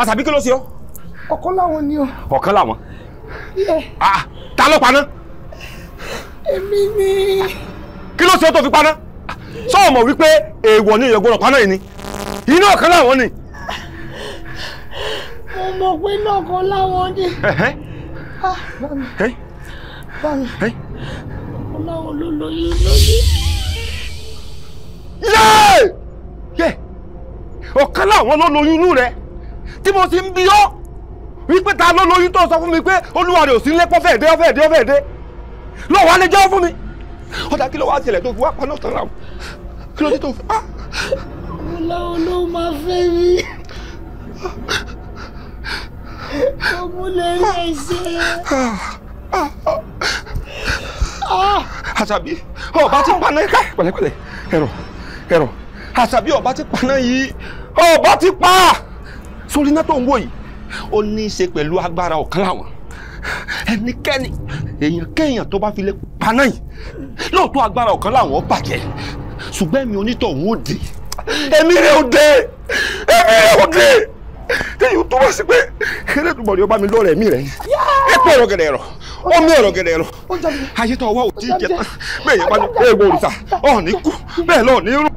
àṣàbí kí ló ṣe ọ́. ọ̀kan làwọn ni o. ọ̀kan làwọn. ta ló paná. èmi ni. kí ló ṣe tó fi paná sọ́ọ̀ mọ̀ wípé èèwọ̀ ni èèyàn gbọ́dọ̀ paná yìí ni iná ọ̀kan làwọn ni. mo mọ̀ pé iná ọ̀kan làwọn ni. Ah, bámi bámi ọlọ́run ló lóyún lóyún. yé ọ̀kan làwọn ló lóyún inú rẹ̀ tí mo sì ń bi ọ́ wípé ta ló lóyún tó sọ fún mi pé olúwa rẹ̀ ò sí lẹ́pọ̀ fẹ́ẹ̀ dé ọ̀fẹ́ẹ̀ dé ọ̀fẹ́ẹ̀ dé lọ́wọ́ alẹ́ jẹ́wọ́ fún mi ọ̀dà kí ló wá tilẹ̀ tó fi wá pa náà tọ́ra o kí ló dé tó fi pa. Ah! ọlá olóò máa fẹ́ mi ọmọ lẹ́yìn ẹ̀ṣẹ̀. Ah! àṣàbí ọba ti paná ká pẹ̀lẹ́pẹ̀lẹ́ ẹ̀rọ ẹ̀rọ àṣàbí ọba ti paná yìí ọba ti pa sórí iná tó ń wò yìí ó ní í ṣe pẹ̀lú agbára ọ̀kan láwọn ẹnikẹ́ni èèyàn kéèyàn tó bá fi lè paná yìí lóòótọ́ agbára ọ̀kan láwọn bàjẹ́ ṣùgbọ́n èmi onítọ̀hún ò dé èmi rẹ̀ ò dé èmi rẹ̀ ò dé téyì tó wá sí pé erédùnmọ̀ ni ó bá mi lọ́rẹ̀ mi rẹ̀ ẹ̀pọ̀ ọ̀rọ̀ gẹ̀dẹ̀ rọ̀ omi ọ̀rọ̀ gẹ̀dẹ̀ rọ̀ ayé tó wá òtí ìjẹta bẹ́ẹ̀ yẹn bá ní egbò òrìṣà ọ̀ọ́ni kú bẹ́ẹ̀ lọ́ọ̀ni rún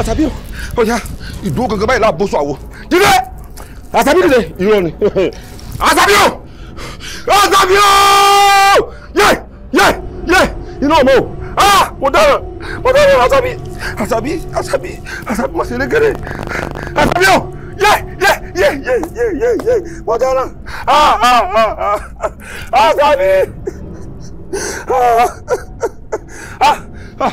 àṣàbí o ọ̀yà ìdúró gangan báyìí láàbò sọ àwo dídé àṣàbí dìde ìrọ̀ ni àṣàbí o àṣàbí o yẹ yẹ yẹ iná ọmọ o ah mo dára mo dára àṣàbí àṣàbí àṣàbí àṣàbí mo sì lè gẹ́rẹ́ àṣàbí o yẹ yẹ yẹ yẹ yẹ yẹ yẹ mo dára ah ah ah àṣàbí ah ah ah.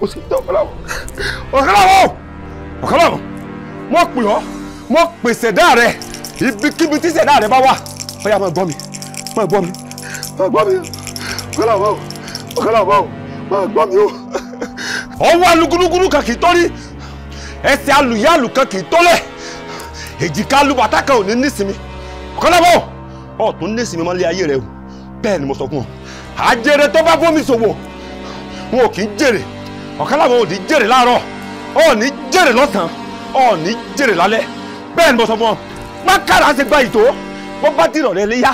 kò sí tó ọ̀kọ́láwọ̀ ọ̀kọ́láwọ̀ ọ̀kọ́láwọ̀ mo pè ọ́ mo pè ṣẹ̀dá rẹ ibikíbi tí ṣẹ̀dá rẹ bá wà bóyá máa gbọ́ mi máa gbọ́ mi máa gbọ́ mi ọ̀kọ́láwọ̀ ọ̀kọ́láwọ̀ máa gbọ́ mi o. ọwọ́ aluguduguru kan kì í torí ẹsẹ̀ alùyàlù kan kì í tọ́lẹ̀ èjìká alùbàtà kan ò ní nísìmí ọ̀kọ́láwọ̀ ọ̀tún nísìmí máa lé ayé rẹ o bẹ́ẹ̀ ni mo sọ fún ọ àjèrè tó bá fún mi ṣòwò wọn ò kì í jèrè ọ̀kan láwọn ò ní jèrè láàárọ̀ ọ̀ ní jèrè lọ́sàn-án ọ̀ ní jèrè lálẹ́ bẹ́ẹ̀ ni mo sọ fún ọ pákàrà ṣe gba ìtò wọ́n bá dìrọ̀ rẹ léyà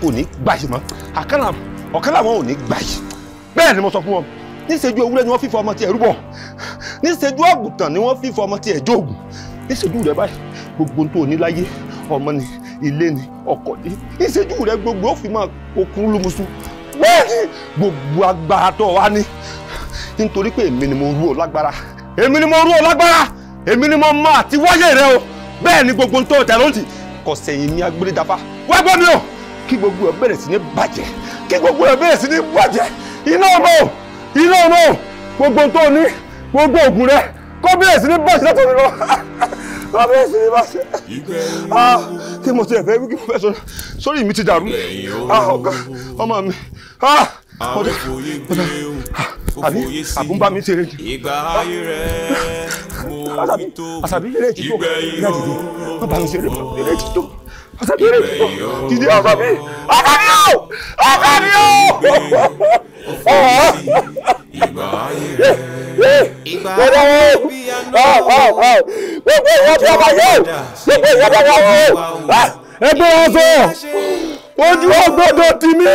kò ní gbà yìí mọ́ ọ̀kan láwọn ò ní gbà yìí bẹ́ẹ̀ ni mo sọ fún ọ níṣẹ́jú ewúrẹ́ ni wọ́n fífọ ọmọ tiẹ̀ rúbọ níṣẹ́jú àgùntàn ni wọ́n fífọ ọmọ tiẹ̀ jóògùn níṣẹ́jú rẹ báyìí gbogbo tó o ní láyé ọmọ ni ilé ni ọkọ ni níṣẹ́jú rẹ gbogbo ó fi máa okun lómuṣu bẹ́ẹ̀ ni gbogbo agbára tó o wá ní nítorí pé èmi ni mo rú ọ lágbára èmi ni mo rú ọ lágbára èmi ni mo mọ àti wáyé rẹ o bẹ́ẹ̀ ni gbogbo ń tó tẹ̀ lóǹtì kò sẹ́yìn mi agbélédàfà wá gbọ́ mi o kí gbogbo ẹ̀ bẹ̀rẹ̀ sí ní bàjẹ́ kí gbogbo ẹ̀ bẹ̀rẹ̀ sí ní bàjẹ́ iná ọmọ iná ọmọ gbogbo tó ní gbogbo ògùn rẹ kó bẹ̀rẹ̀ sí ní bàjẹ́ látọ̀rọ̀ lọ kó bẹ̀rẹ̀ sí ní bàjẹ́ ah kí mo ti ẹ̀fẹ́ kí mo fẹ́ sọ sórí mi ti dàrú ah ọ̀gá ọmọ mi ah ọ̀gá ọ̀gá ah àbí àbúgbà mi ṣe rédíò. ìgbà ayé rẹ̀ mo fi tó àṣàbí eré ìtìtò ìyá dìde wọn bá mi ṣe eré ìtìtò àṣàbí eré ìtìtò dìde àṣàbí àṣàbí o àṣàbí o. ìgbà ayé rẹ̀ ìgbà ayé bí a náà ah, ah, ah. gbogbo ìwọ́n tí a bá yẹ gbogbo ìwọ́n tí a bá yẹ ẹgbẹ́ wọn sọ ojú ọgbọ́dọ̀ tì mí.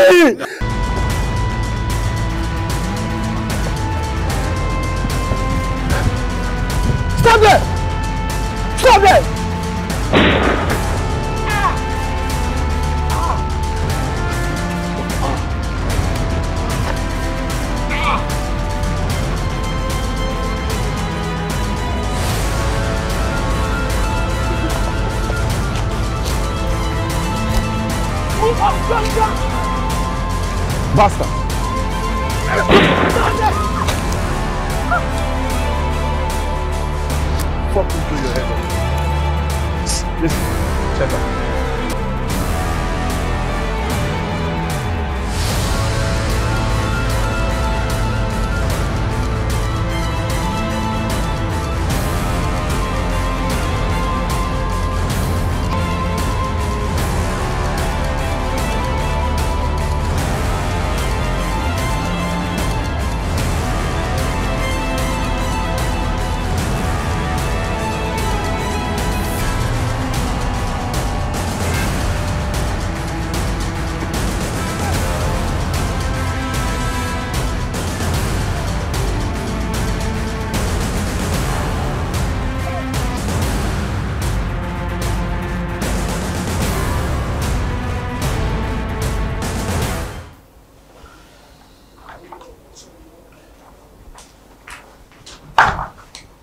Stop that! Stop that! Basta! fuck into your head. Listen, check out.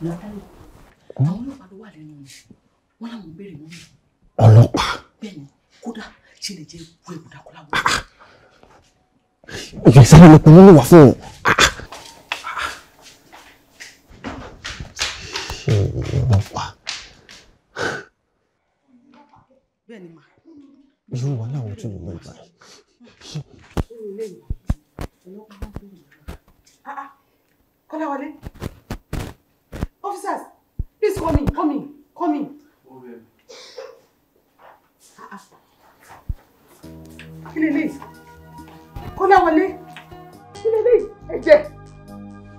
látàrí hmm? àwọn ọlọ́pàá ló wà lẹ́nu yìí wọ́n làwọn béèrè mọ́ mi. ọlọ́pàá. bẹ́ẹ̀ni kódà ṣe lè jẹ ikú ẹ kódà kó láwọn. ìgbà ìsáré ló fún un. ṣe Officers, please come in, come in, come in. Ah, ah. Kí lè lè? Kọ́lá wọlé. Kí lè lè? Ẹ̀jẹ̀.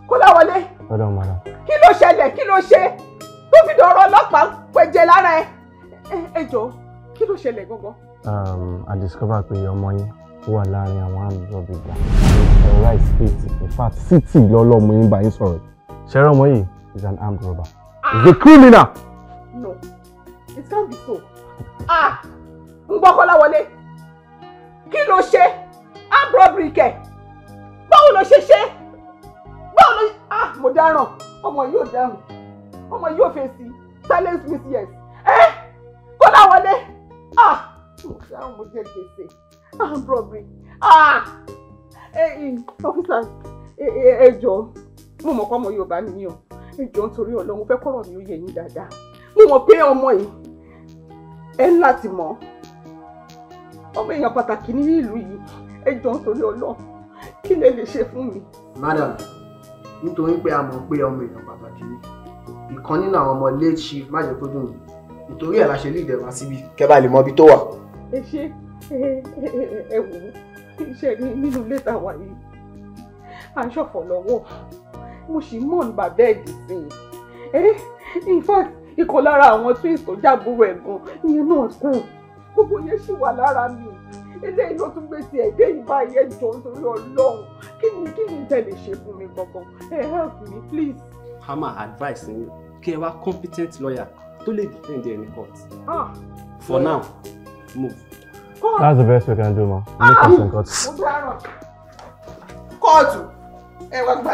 Kọ́lá wọlé. Ọ̀dọ̀ màdà. Kí ló ṣẹlẹ̀? Kí ló ṣe? Tó fi dọ̀rọ̀ ọlọ́pàá pẹ̀jẹ̀ lára ẹ. Ẹ jọ̀ọ́, kí ló ṣẹlẹ̀ gangan? Um, I discover pé ọmọ yín wà láàrin àwọn àmì rọ́bì gbà. Ọ̀rá ìsíkèétì, in fact, city lọ́lọ́mọ yín bá yín sọ̀rọ̀. Ṣẹ́rọ̀ ọmọ yìí, is an armed robber. Ah. He's a criminal. No, it can't be so. ah, Mbokolawole, wale, ló ṣe? Armed robbery ke. Báwo ló ṣe ṣe? Báwo ló ṣe? Ah, mo dáràn. Ọmọ yóò dáràn. Ọmọ yóò fèsì. Silence me yes. Eh, Kola wale, Ah, mo dáràn mo jẹ Armed robbery. Ah, eh, eh officer, eh, eh, eh, Joe, mo mọ̀ pé ọmọ Yorùbá ẹjọ́ nítorí ọlọ́run mo fẹ́ kọ́rọ̀ mi ó yẹ yín dáadáa mo mọ̀ pé ọmọ yìí ẹ ń láti mọ̀ ọmọ èèyàn pàtàkì ní ìlú yìí ẹjọ́ nítorí ọlọ́run kí lè lè ṣe fún mi. madam nítorí pé a mọ̀ pé ọmọ èèyàn pàtàkì ni ìkan nínú àwọn ọmọ late chief má jẹ́ kó dùn mí nítorí ẹ̀ la ṣe lè dẹ̀wá síbi kẹ́bà lè mọ ibi tó wà. ẹ ṣe ẹ wò ó iṣẹ́ nínú ilé tá a wà yìí à ń ṣọ̀fọ̀ lọ́wọ́ mo sì mọ̀ ní bàbá sí i in fact ikọ̀ lára àwọn twins tó jábúrò ẹ̀gbọ́n ìyẹn náà kù gbogbo yẹn sì wà lára mi eléyìí ló tún gbé ti ẹ̀dẹ́ ìbá yẹn jọ nítorí ọlọ́run kí ni kí ni tẹ̀lé ṣe fún mi gbọ̀ngàn ẹ help me please. hama advice ni kí ẹ wá competent lawyer tó lè defend any court ah. for now move. Court. That's the best we can do, ma. Make ah. us in court. Kóòtù, ah! ẹ wá gbà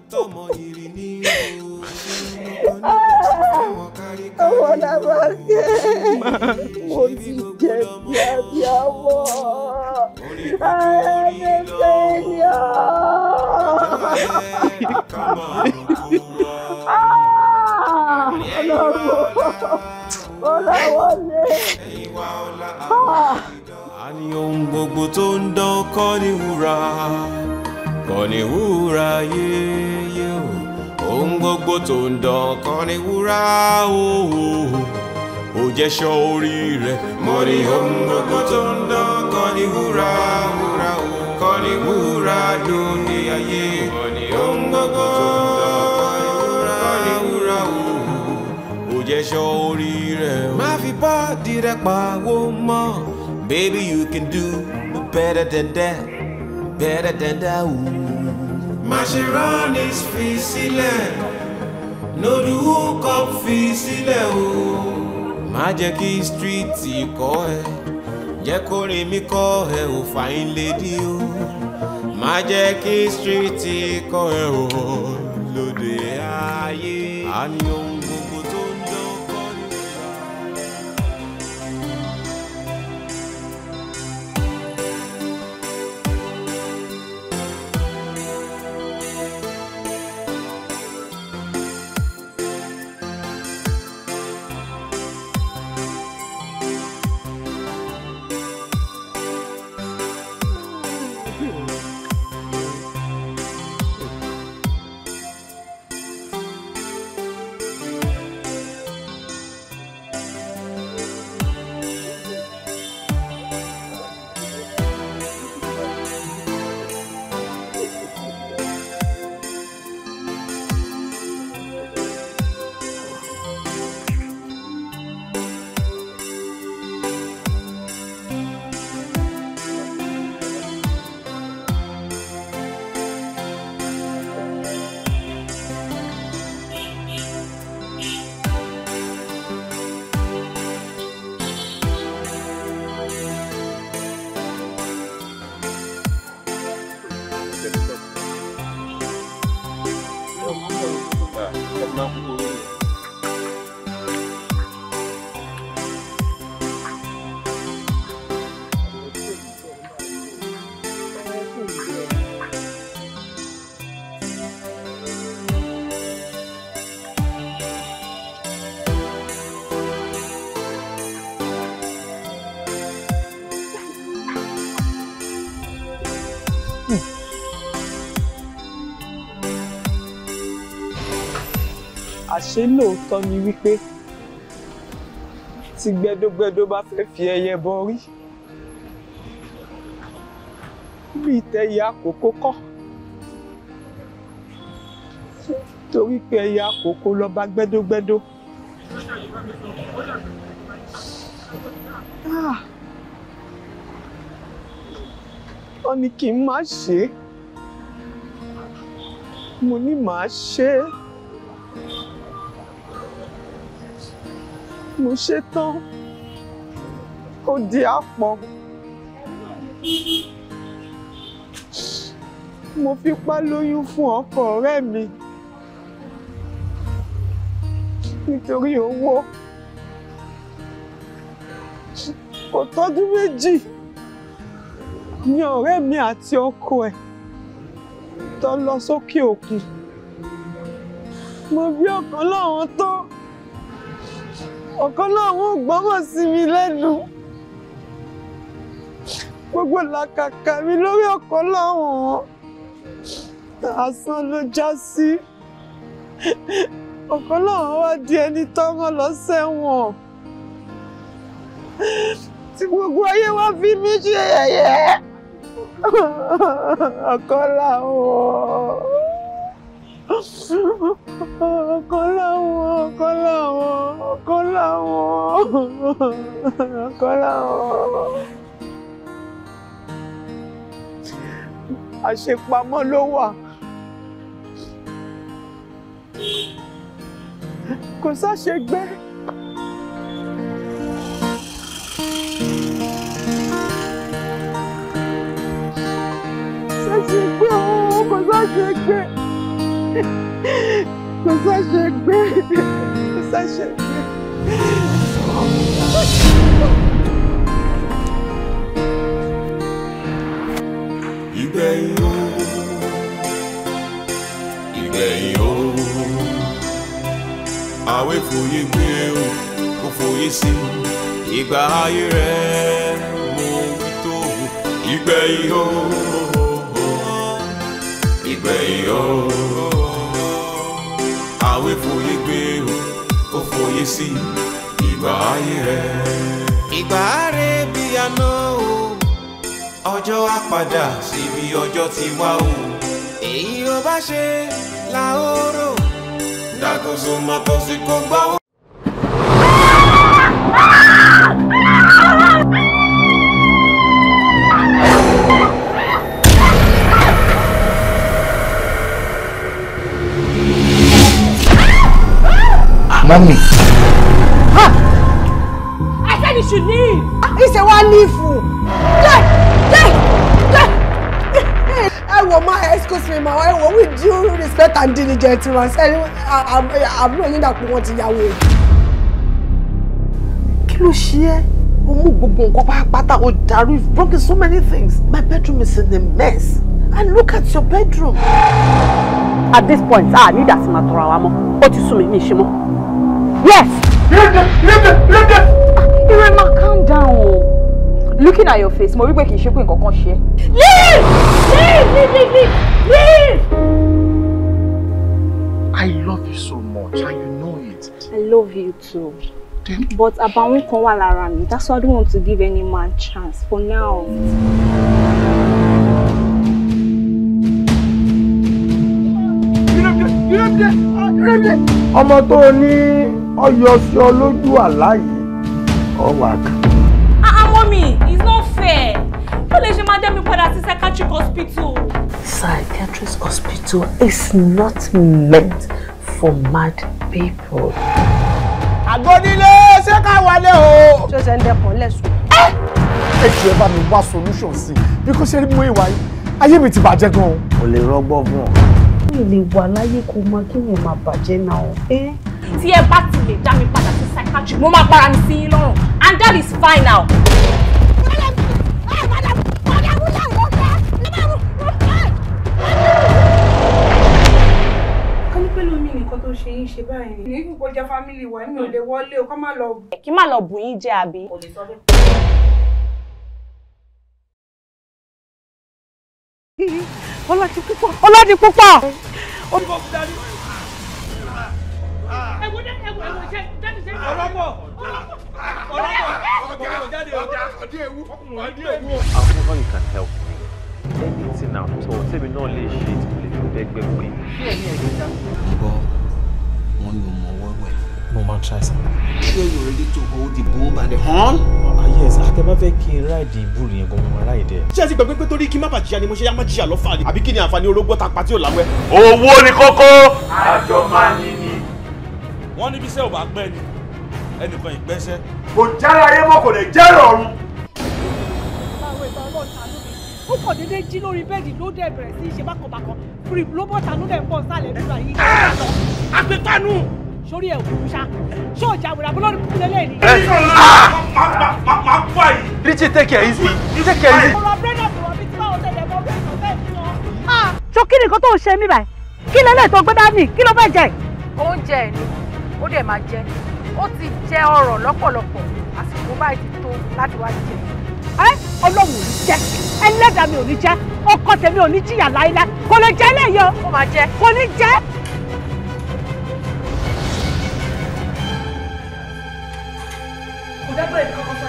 Ọlábàkẹ́ mo ti jẹ bíábíá wọ̀ ẹ̀ẹ́dẹ́ fẹ́lẹ́ ọlọ́run ọlọ́wọ́lé. a ní ohun gbogbo tó ń dán kọ́ ní wúrà kọ́ ní wúrà yéyé ohun gbogbo tó ń dán kan ní wúrà òhò ó jẹ́ ṣọ́ orí rẹ̀. mo ní ohun gbogbo tó ń dán kan ní wúrà wúrà òhò kan ní wúrà dùn ayé. mo ní ohun gbogbo tó ń dán kan ní wúrà wúrà òhò jẹ́ ṣọ́ orí rẹ̀. má fi bọ́ọ̀dì rẹ̀ pàwọ́ mọ́ baby you can do better than that better than that. Ooh. Mascheroni's fi sílẹ̀ Nodukop fi sílẹ̀ o má jẹ́ kí stíríìtì kọ́ ẹ jẹ́ kó rin mi kọ́ ẹ ò fàyín lédi o má jẹ́ kí stíríìtì kọ́ ẹ ò lòdì ayé àníyàn. àṣé lóòótọ́ ni wípé tí gbẹdógbẹdó bá fẹ́ fi ẹyẹ bọrí bí tẹyẹ àkókò kọ́ torí pé ẹyẹ àkókò ló bá gbẹdógbẹdó. Ah! wọ́n ní kí n má ṣe é mo ní màá ṣe é mo ṣe tán ó di àpọ̀ mo fipá lóyún fún ọkọ ọ̀rẹ́ mi nítorí owó kò tọ́dún méjì ni ọ̀rẹ́ mi àti ọkọ ẹ̀ tó lọ sókè òkun mo bí ọ̀kan láwọn tán ọ̀kan náà wọ́n gbọ́mọ̀ sí mi lẹ́nu gbogbo làkàkà mi lórí ọ̀kan láwọn asán ló já sí ọ̀kan náà wá di ẹni tọ́mọ lọ sẹ́wọ̀n tí gbogbo ayé wá fi mí ṣe yẹ̀yẹ́ ọ̀kan láwọn ọkọ láwọn ọkọ láwọn ọkọ láwọn ọkọ láwọn. àṣepamọ́ ló wà. kò sáṣegbẹ́. sáṣegbẹ́ o kò sáṣegbẹ́ kò sáṣẹ gbé kò sáṣẹ gbé. ìgbẹ̀yìn o ìgbẹ̀yìn o àwẹ̀ fòye gbé o kò fòye sí ìgbà ayé rẹ̀ mo wí tó ìgbẹ̀yìn o ìgbẹ̀yìn o àwé fòye gbé o kò fòye sí ìgbà ayé rẹ. ìgbà àárẹ̀ bí àná o ọjọ́ á padà síbi ọjọ́ ti wá o. èyí ò bá ṣe la ó rò. dàgòzò máa tọ́ sí kó gbá o. me. Ah! I said you should leave. It's a one leave you?" Hey, hey, hey! Ẹ wò ma, excuse me My, ẹ we do, respect and diligence I'm ṣe àbúrò yín dàpọ̀ wọn ti yàwó. Kí ló ṣe é? Mo mú gbogbo nǹkan o dàrú, you've broken so many things. My bedroom is in a mess. And look at your bedroom. At this point, I need àti màá tọrọ àwa mọ́. Ó mi ní Yes. Leave them, leave them, leave them. Irema, calm down o. Looking at your face, mo rí pé kì in ṣe pé nǹkan Leave! Leave! Leave! Leave! Leave! I love you so much and you know it. I love you too. Then... But àbàwọ́n kan wà lára mi. That's why I don't want to give any man chance for now. I'm uh, tó ní ọ yọ sí ọ lójú àlá yìí ọ wà kàn. àmọ́ mi it's not fair ó lè ṣe máa dé mi padà sí psychiatric hospital. psychiatric hospital is not meant for mad people. àgbọ̀nilé ṣé ká wálé o. ṣé o ṣe ń dẹkùn lẹ́sùn. ẹ jù ẹ bá mi wá solution sí i bí kò ṣe rí mú ìwà yìí ayé mi ti bàjẹ́ gan-an. kò lè rọgbọ́n fún ọ. mi lè wà láyé kó máa kí wọn máa bàjẹ́ náà tí ẹ bá ti lè dá mi padà sí psychiatry mo máa para mi sí yín lọ́rùn and that is fine now. kí má lọ bù yín jẹ àbí. ọlọ́dún púpọ̀ ọlọ́dún púpọ̀ ẹwọ ẹwọ ẹwọ ṣe can help me anything at all tẹ́mi náà lè ṣe tí mo lè fi dẹ́gbẹ́ pé. ṣé ẹ̀yin ẹ̀yin dá. bọ́ wọn ni you ready to hold the bull by the horn. Ah, yes I can make him ride the bull. gan go wọn ráìdì ẹ̀. ṣé ẹ ti gbàgbé pé torí kí má bàjẹ́ ni mo ṣe yá má jìyà lọ́fà ni àbí kí ni àǹfààní orógbó ta pa tí ò láwẹ́. owó ni kókó. àjọ máa ní ni wọ́n níbi iṣẹ́ ò bá pẹ́ ni ẹnìkan ìgbẹ́sẹ́. kò jára ayé mọ́ kò lè jẹ́rọ̀ ọ̀run. báwo ìgbà ọlọ́run tàánú mi ó kàn déédé jí lórí bẹ́ẹ̀dì ló dẹ̀ bẹ̀rẹ̀ sí í ṣe bákanbákan fúri ló bọ́ tàánú dẹ̀ ń bọ̀ sálẹ̀ nígbà yìí. àgbẹ̀tánú. sórí ẹ̀ wò ó ṣé ọjà àwòrán abúlé ọdún kúlẹ̀ lẹ́ẹ̀ni. ẹ ẹ máa kú àyè. Richie take it easy take it easy. ọ̀rọ̀ abúlé náà sọ̀rọ̀ bíi tí báwo tẹ̀lé mọ́ bẹ́ẹ̀ sọ bẹ́ẹ̀ fún wọn ó dẹ̀ máa jẹ ó ti jẹ ọ̀rọ̀ lọ́pọ̀lọpọ̀ àsìkò báyìí ti tó láti wá jẹ. ẹ ọlọ́run ò ní jẹ́ ẹlẹ́dàá mi ò ní jẹ́ ọkọ tèmi ò ní jìyà láéláé kò lè jẹ́ lẹ́yìn o. ó máa jẹ. kò ní jẹ́. kò dágbére kankan fún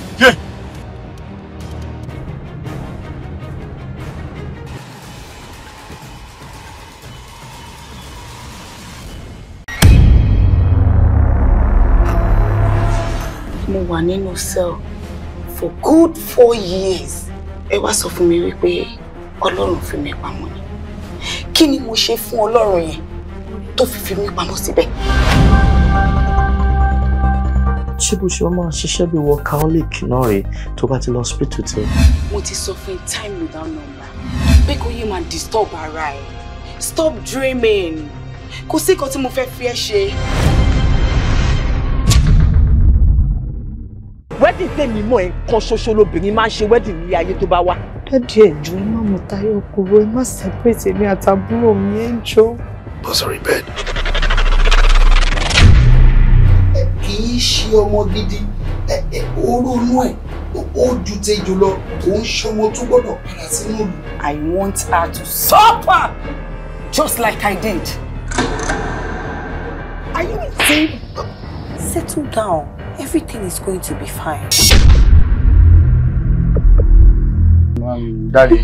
ẹ. ọlá ti wà nínú cell for good four years ẹ wá sọ fún mi wípé ọlọ́run fi mi pamọ́ ni kí ni mo ṣe fún ọlọ́run yẹn tó fi fi mi pamọ́ síbẹ̀. ṣíbùṣe ọmọ ṣiṣẹ́ bíi workaholic náà rèé tó bá ti lọ hospital tẹ. mo ti sọ fún time without number pé kò yé máa disturb ara ẹ stop dreaming kò sí nǹkan tí mo fẹ́ fi ẹ́ ṣe. wedding tèmi mọ̀ ẹ́ kan ṣoṣo lobìnrin máa ń ṣe wedding ní ayé tó bá wá. dádì ẹ jọ̀ọ́ má mú táyọ̀ kúrò ẹ má separate èmi àtàbúrò mi ẹ jọ̀ọ́. bọ́sọ̀rì bẹ́ẹ̀ ni. kì í ṣe ọmọ gidi oró inú ẹ̀ ó ju tejò lọ kò ń ṣọmọ tó gbọ́dọ̀ padà sínú ìlú. I want her to suffer just like I did. Are you insane? Settle down. Everything is going to be fine. Um, Daddy,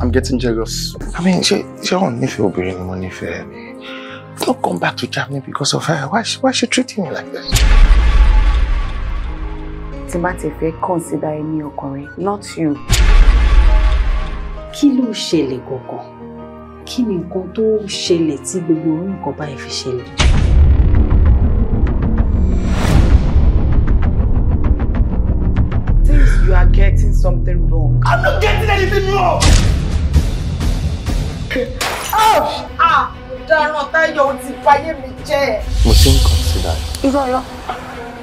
I'm getting jealous. I mean, she, she don't need to bring money for me. I've not come back to Germany because of her. Why, why is she treating me like this? Tí bá ti fẹ́ consider any ọkùnrin, not you. Kí ló ṣẹlẹ̀ gangan? Kí ni nǹkan tó ṣẹlẹ̀ tí gbogbo orí nǹkan báyìí fi something wrong. I'm not getting anything wrong! Ouch! Ah! Ọ̀daràn Táyọ̀ o ti fayé mi jẹ́. Mo ti ń consider. Irọ́ irọ́,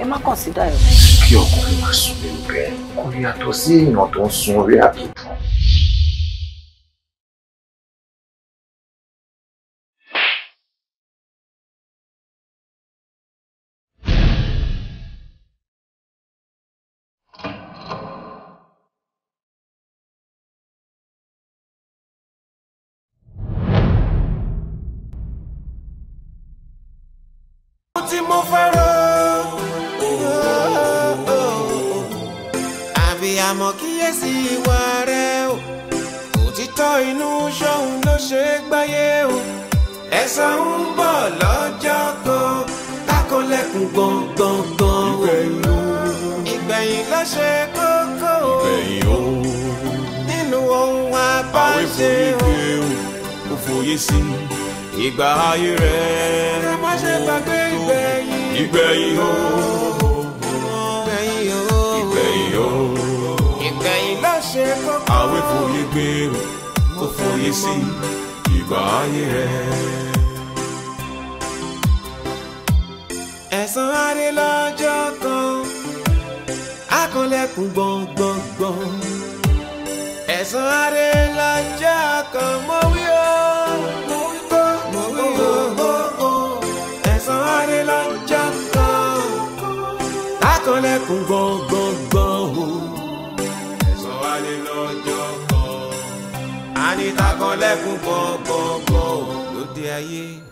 ẹ má consider ẹ̀. Kí ọkùnrin máa sun ewúrẹ́, kò yàtọ̀ sí èèyàn tó ń sun orí àkìtàn. ẹkún gbọ̀ngbọ̀ngbọ̀n. ẹ̀sùn adé la kan mo wí o. mo wí tó mo wí o. ẹ̀sùn adé lọ́jọ́ kan. takọ̀lẹ́kùn gbọ̀ngbọ̀ngbọ̀n. ẹ̀sùn adé lọ́jọ́ kan. àní takọ̀lẹ́kùn gbọ̀ngbọ̀ngbọ̀n lóde ayé.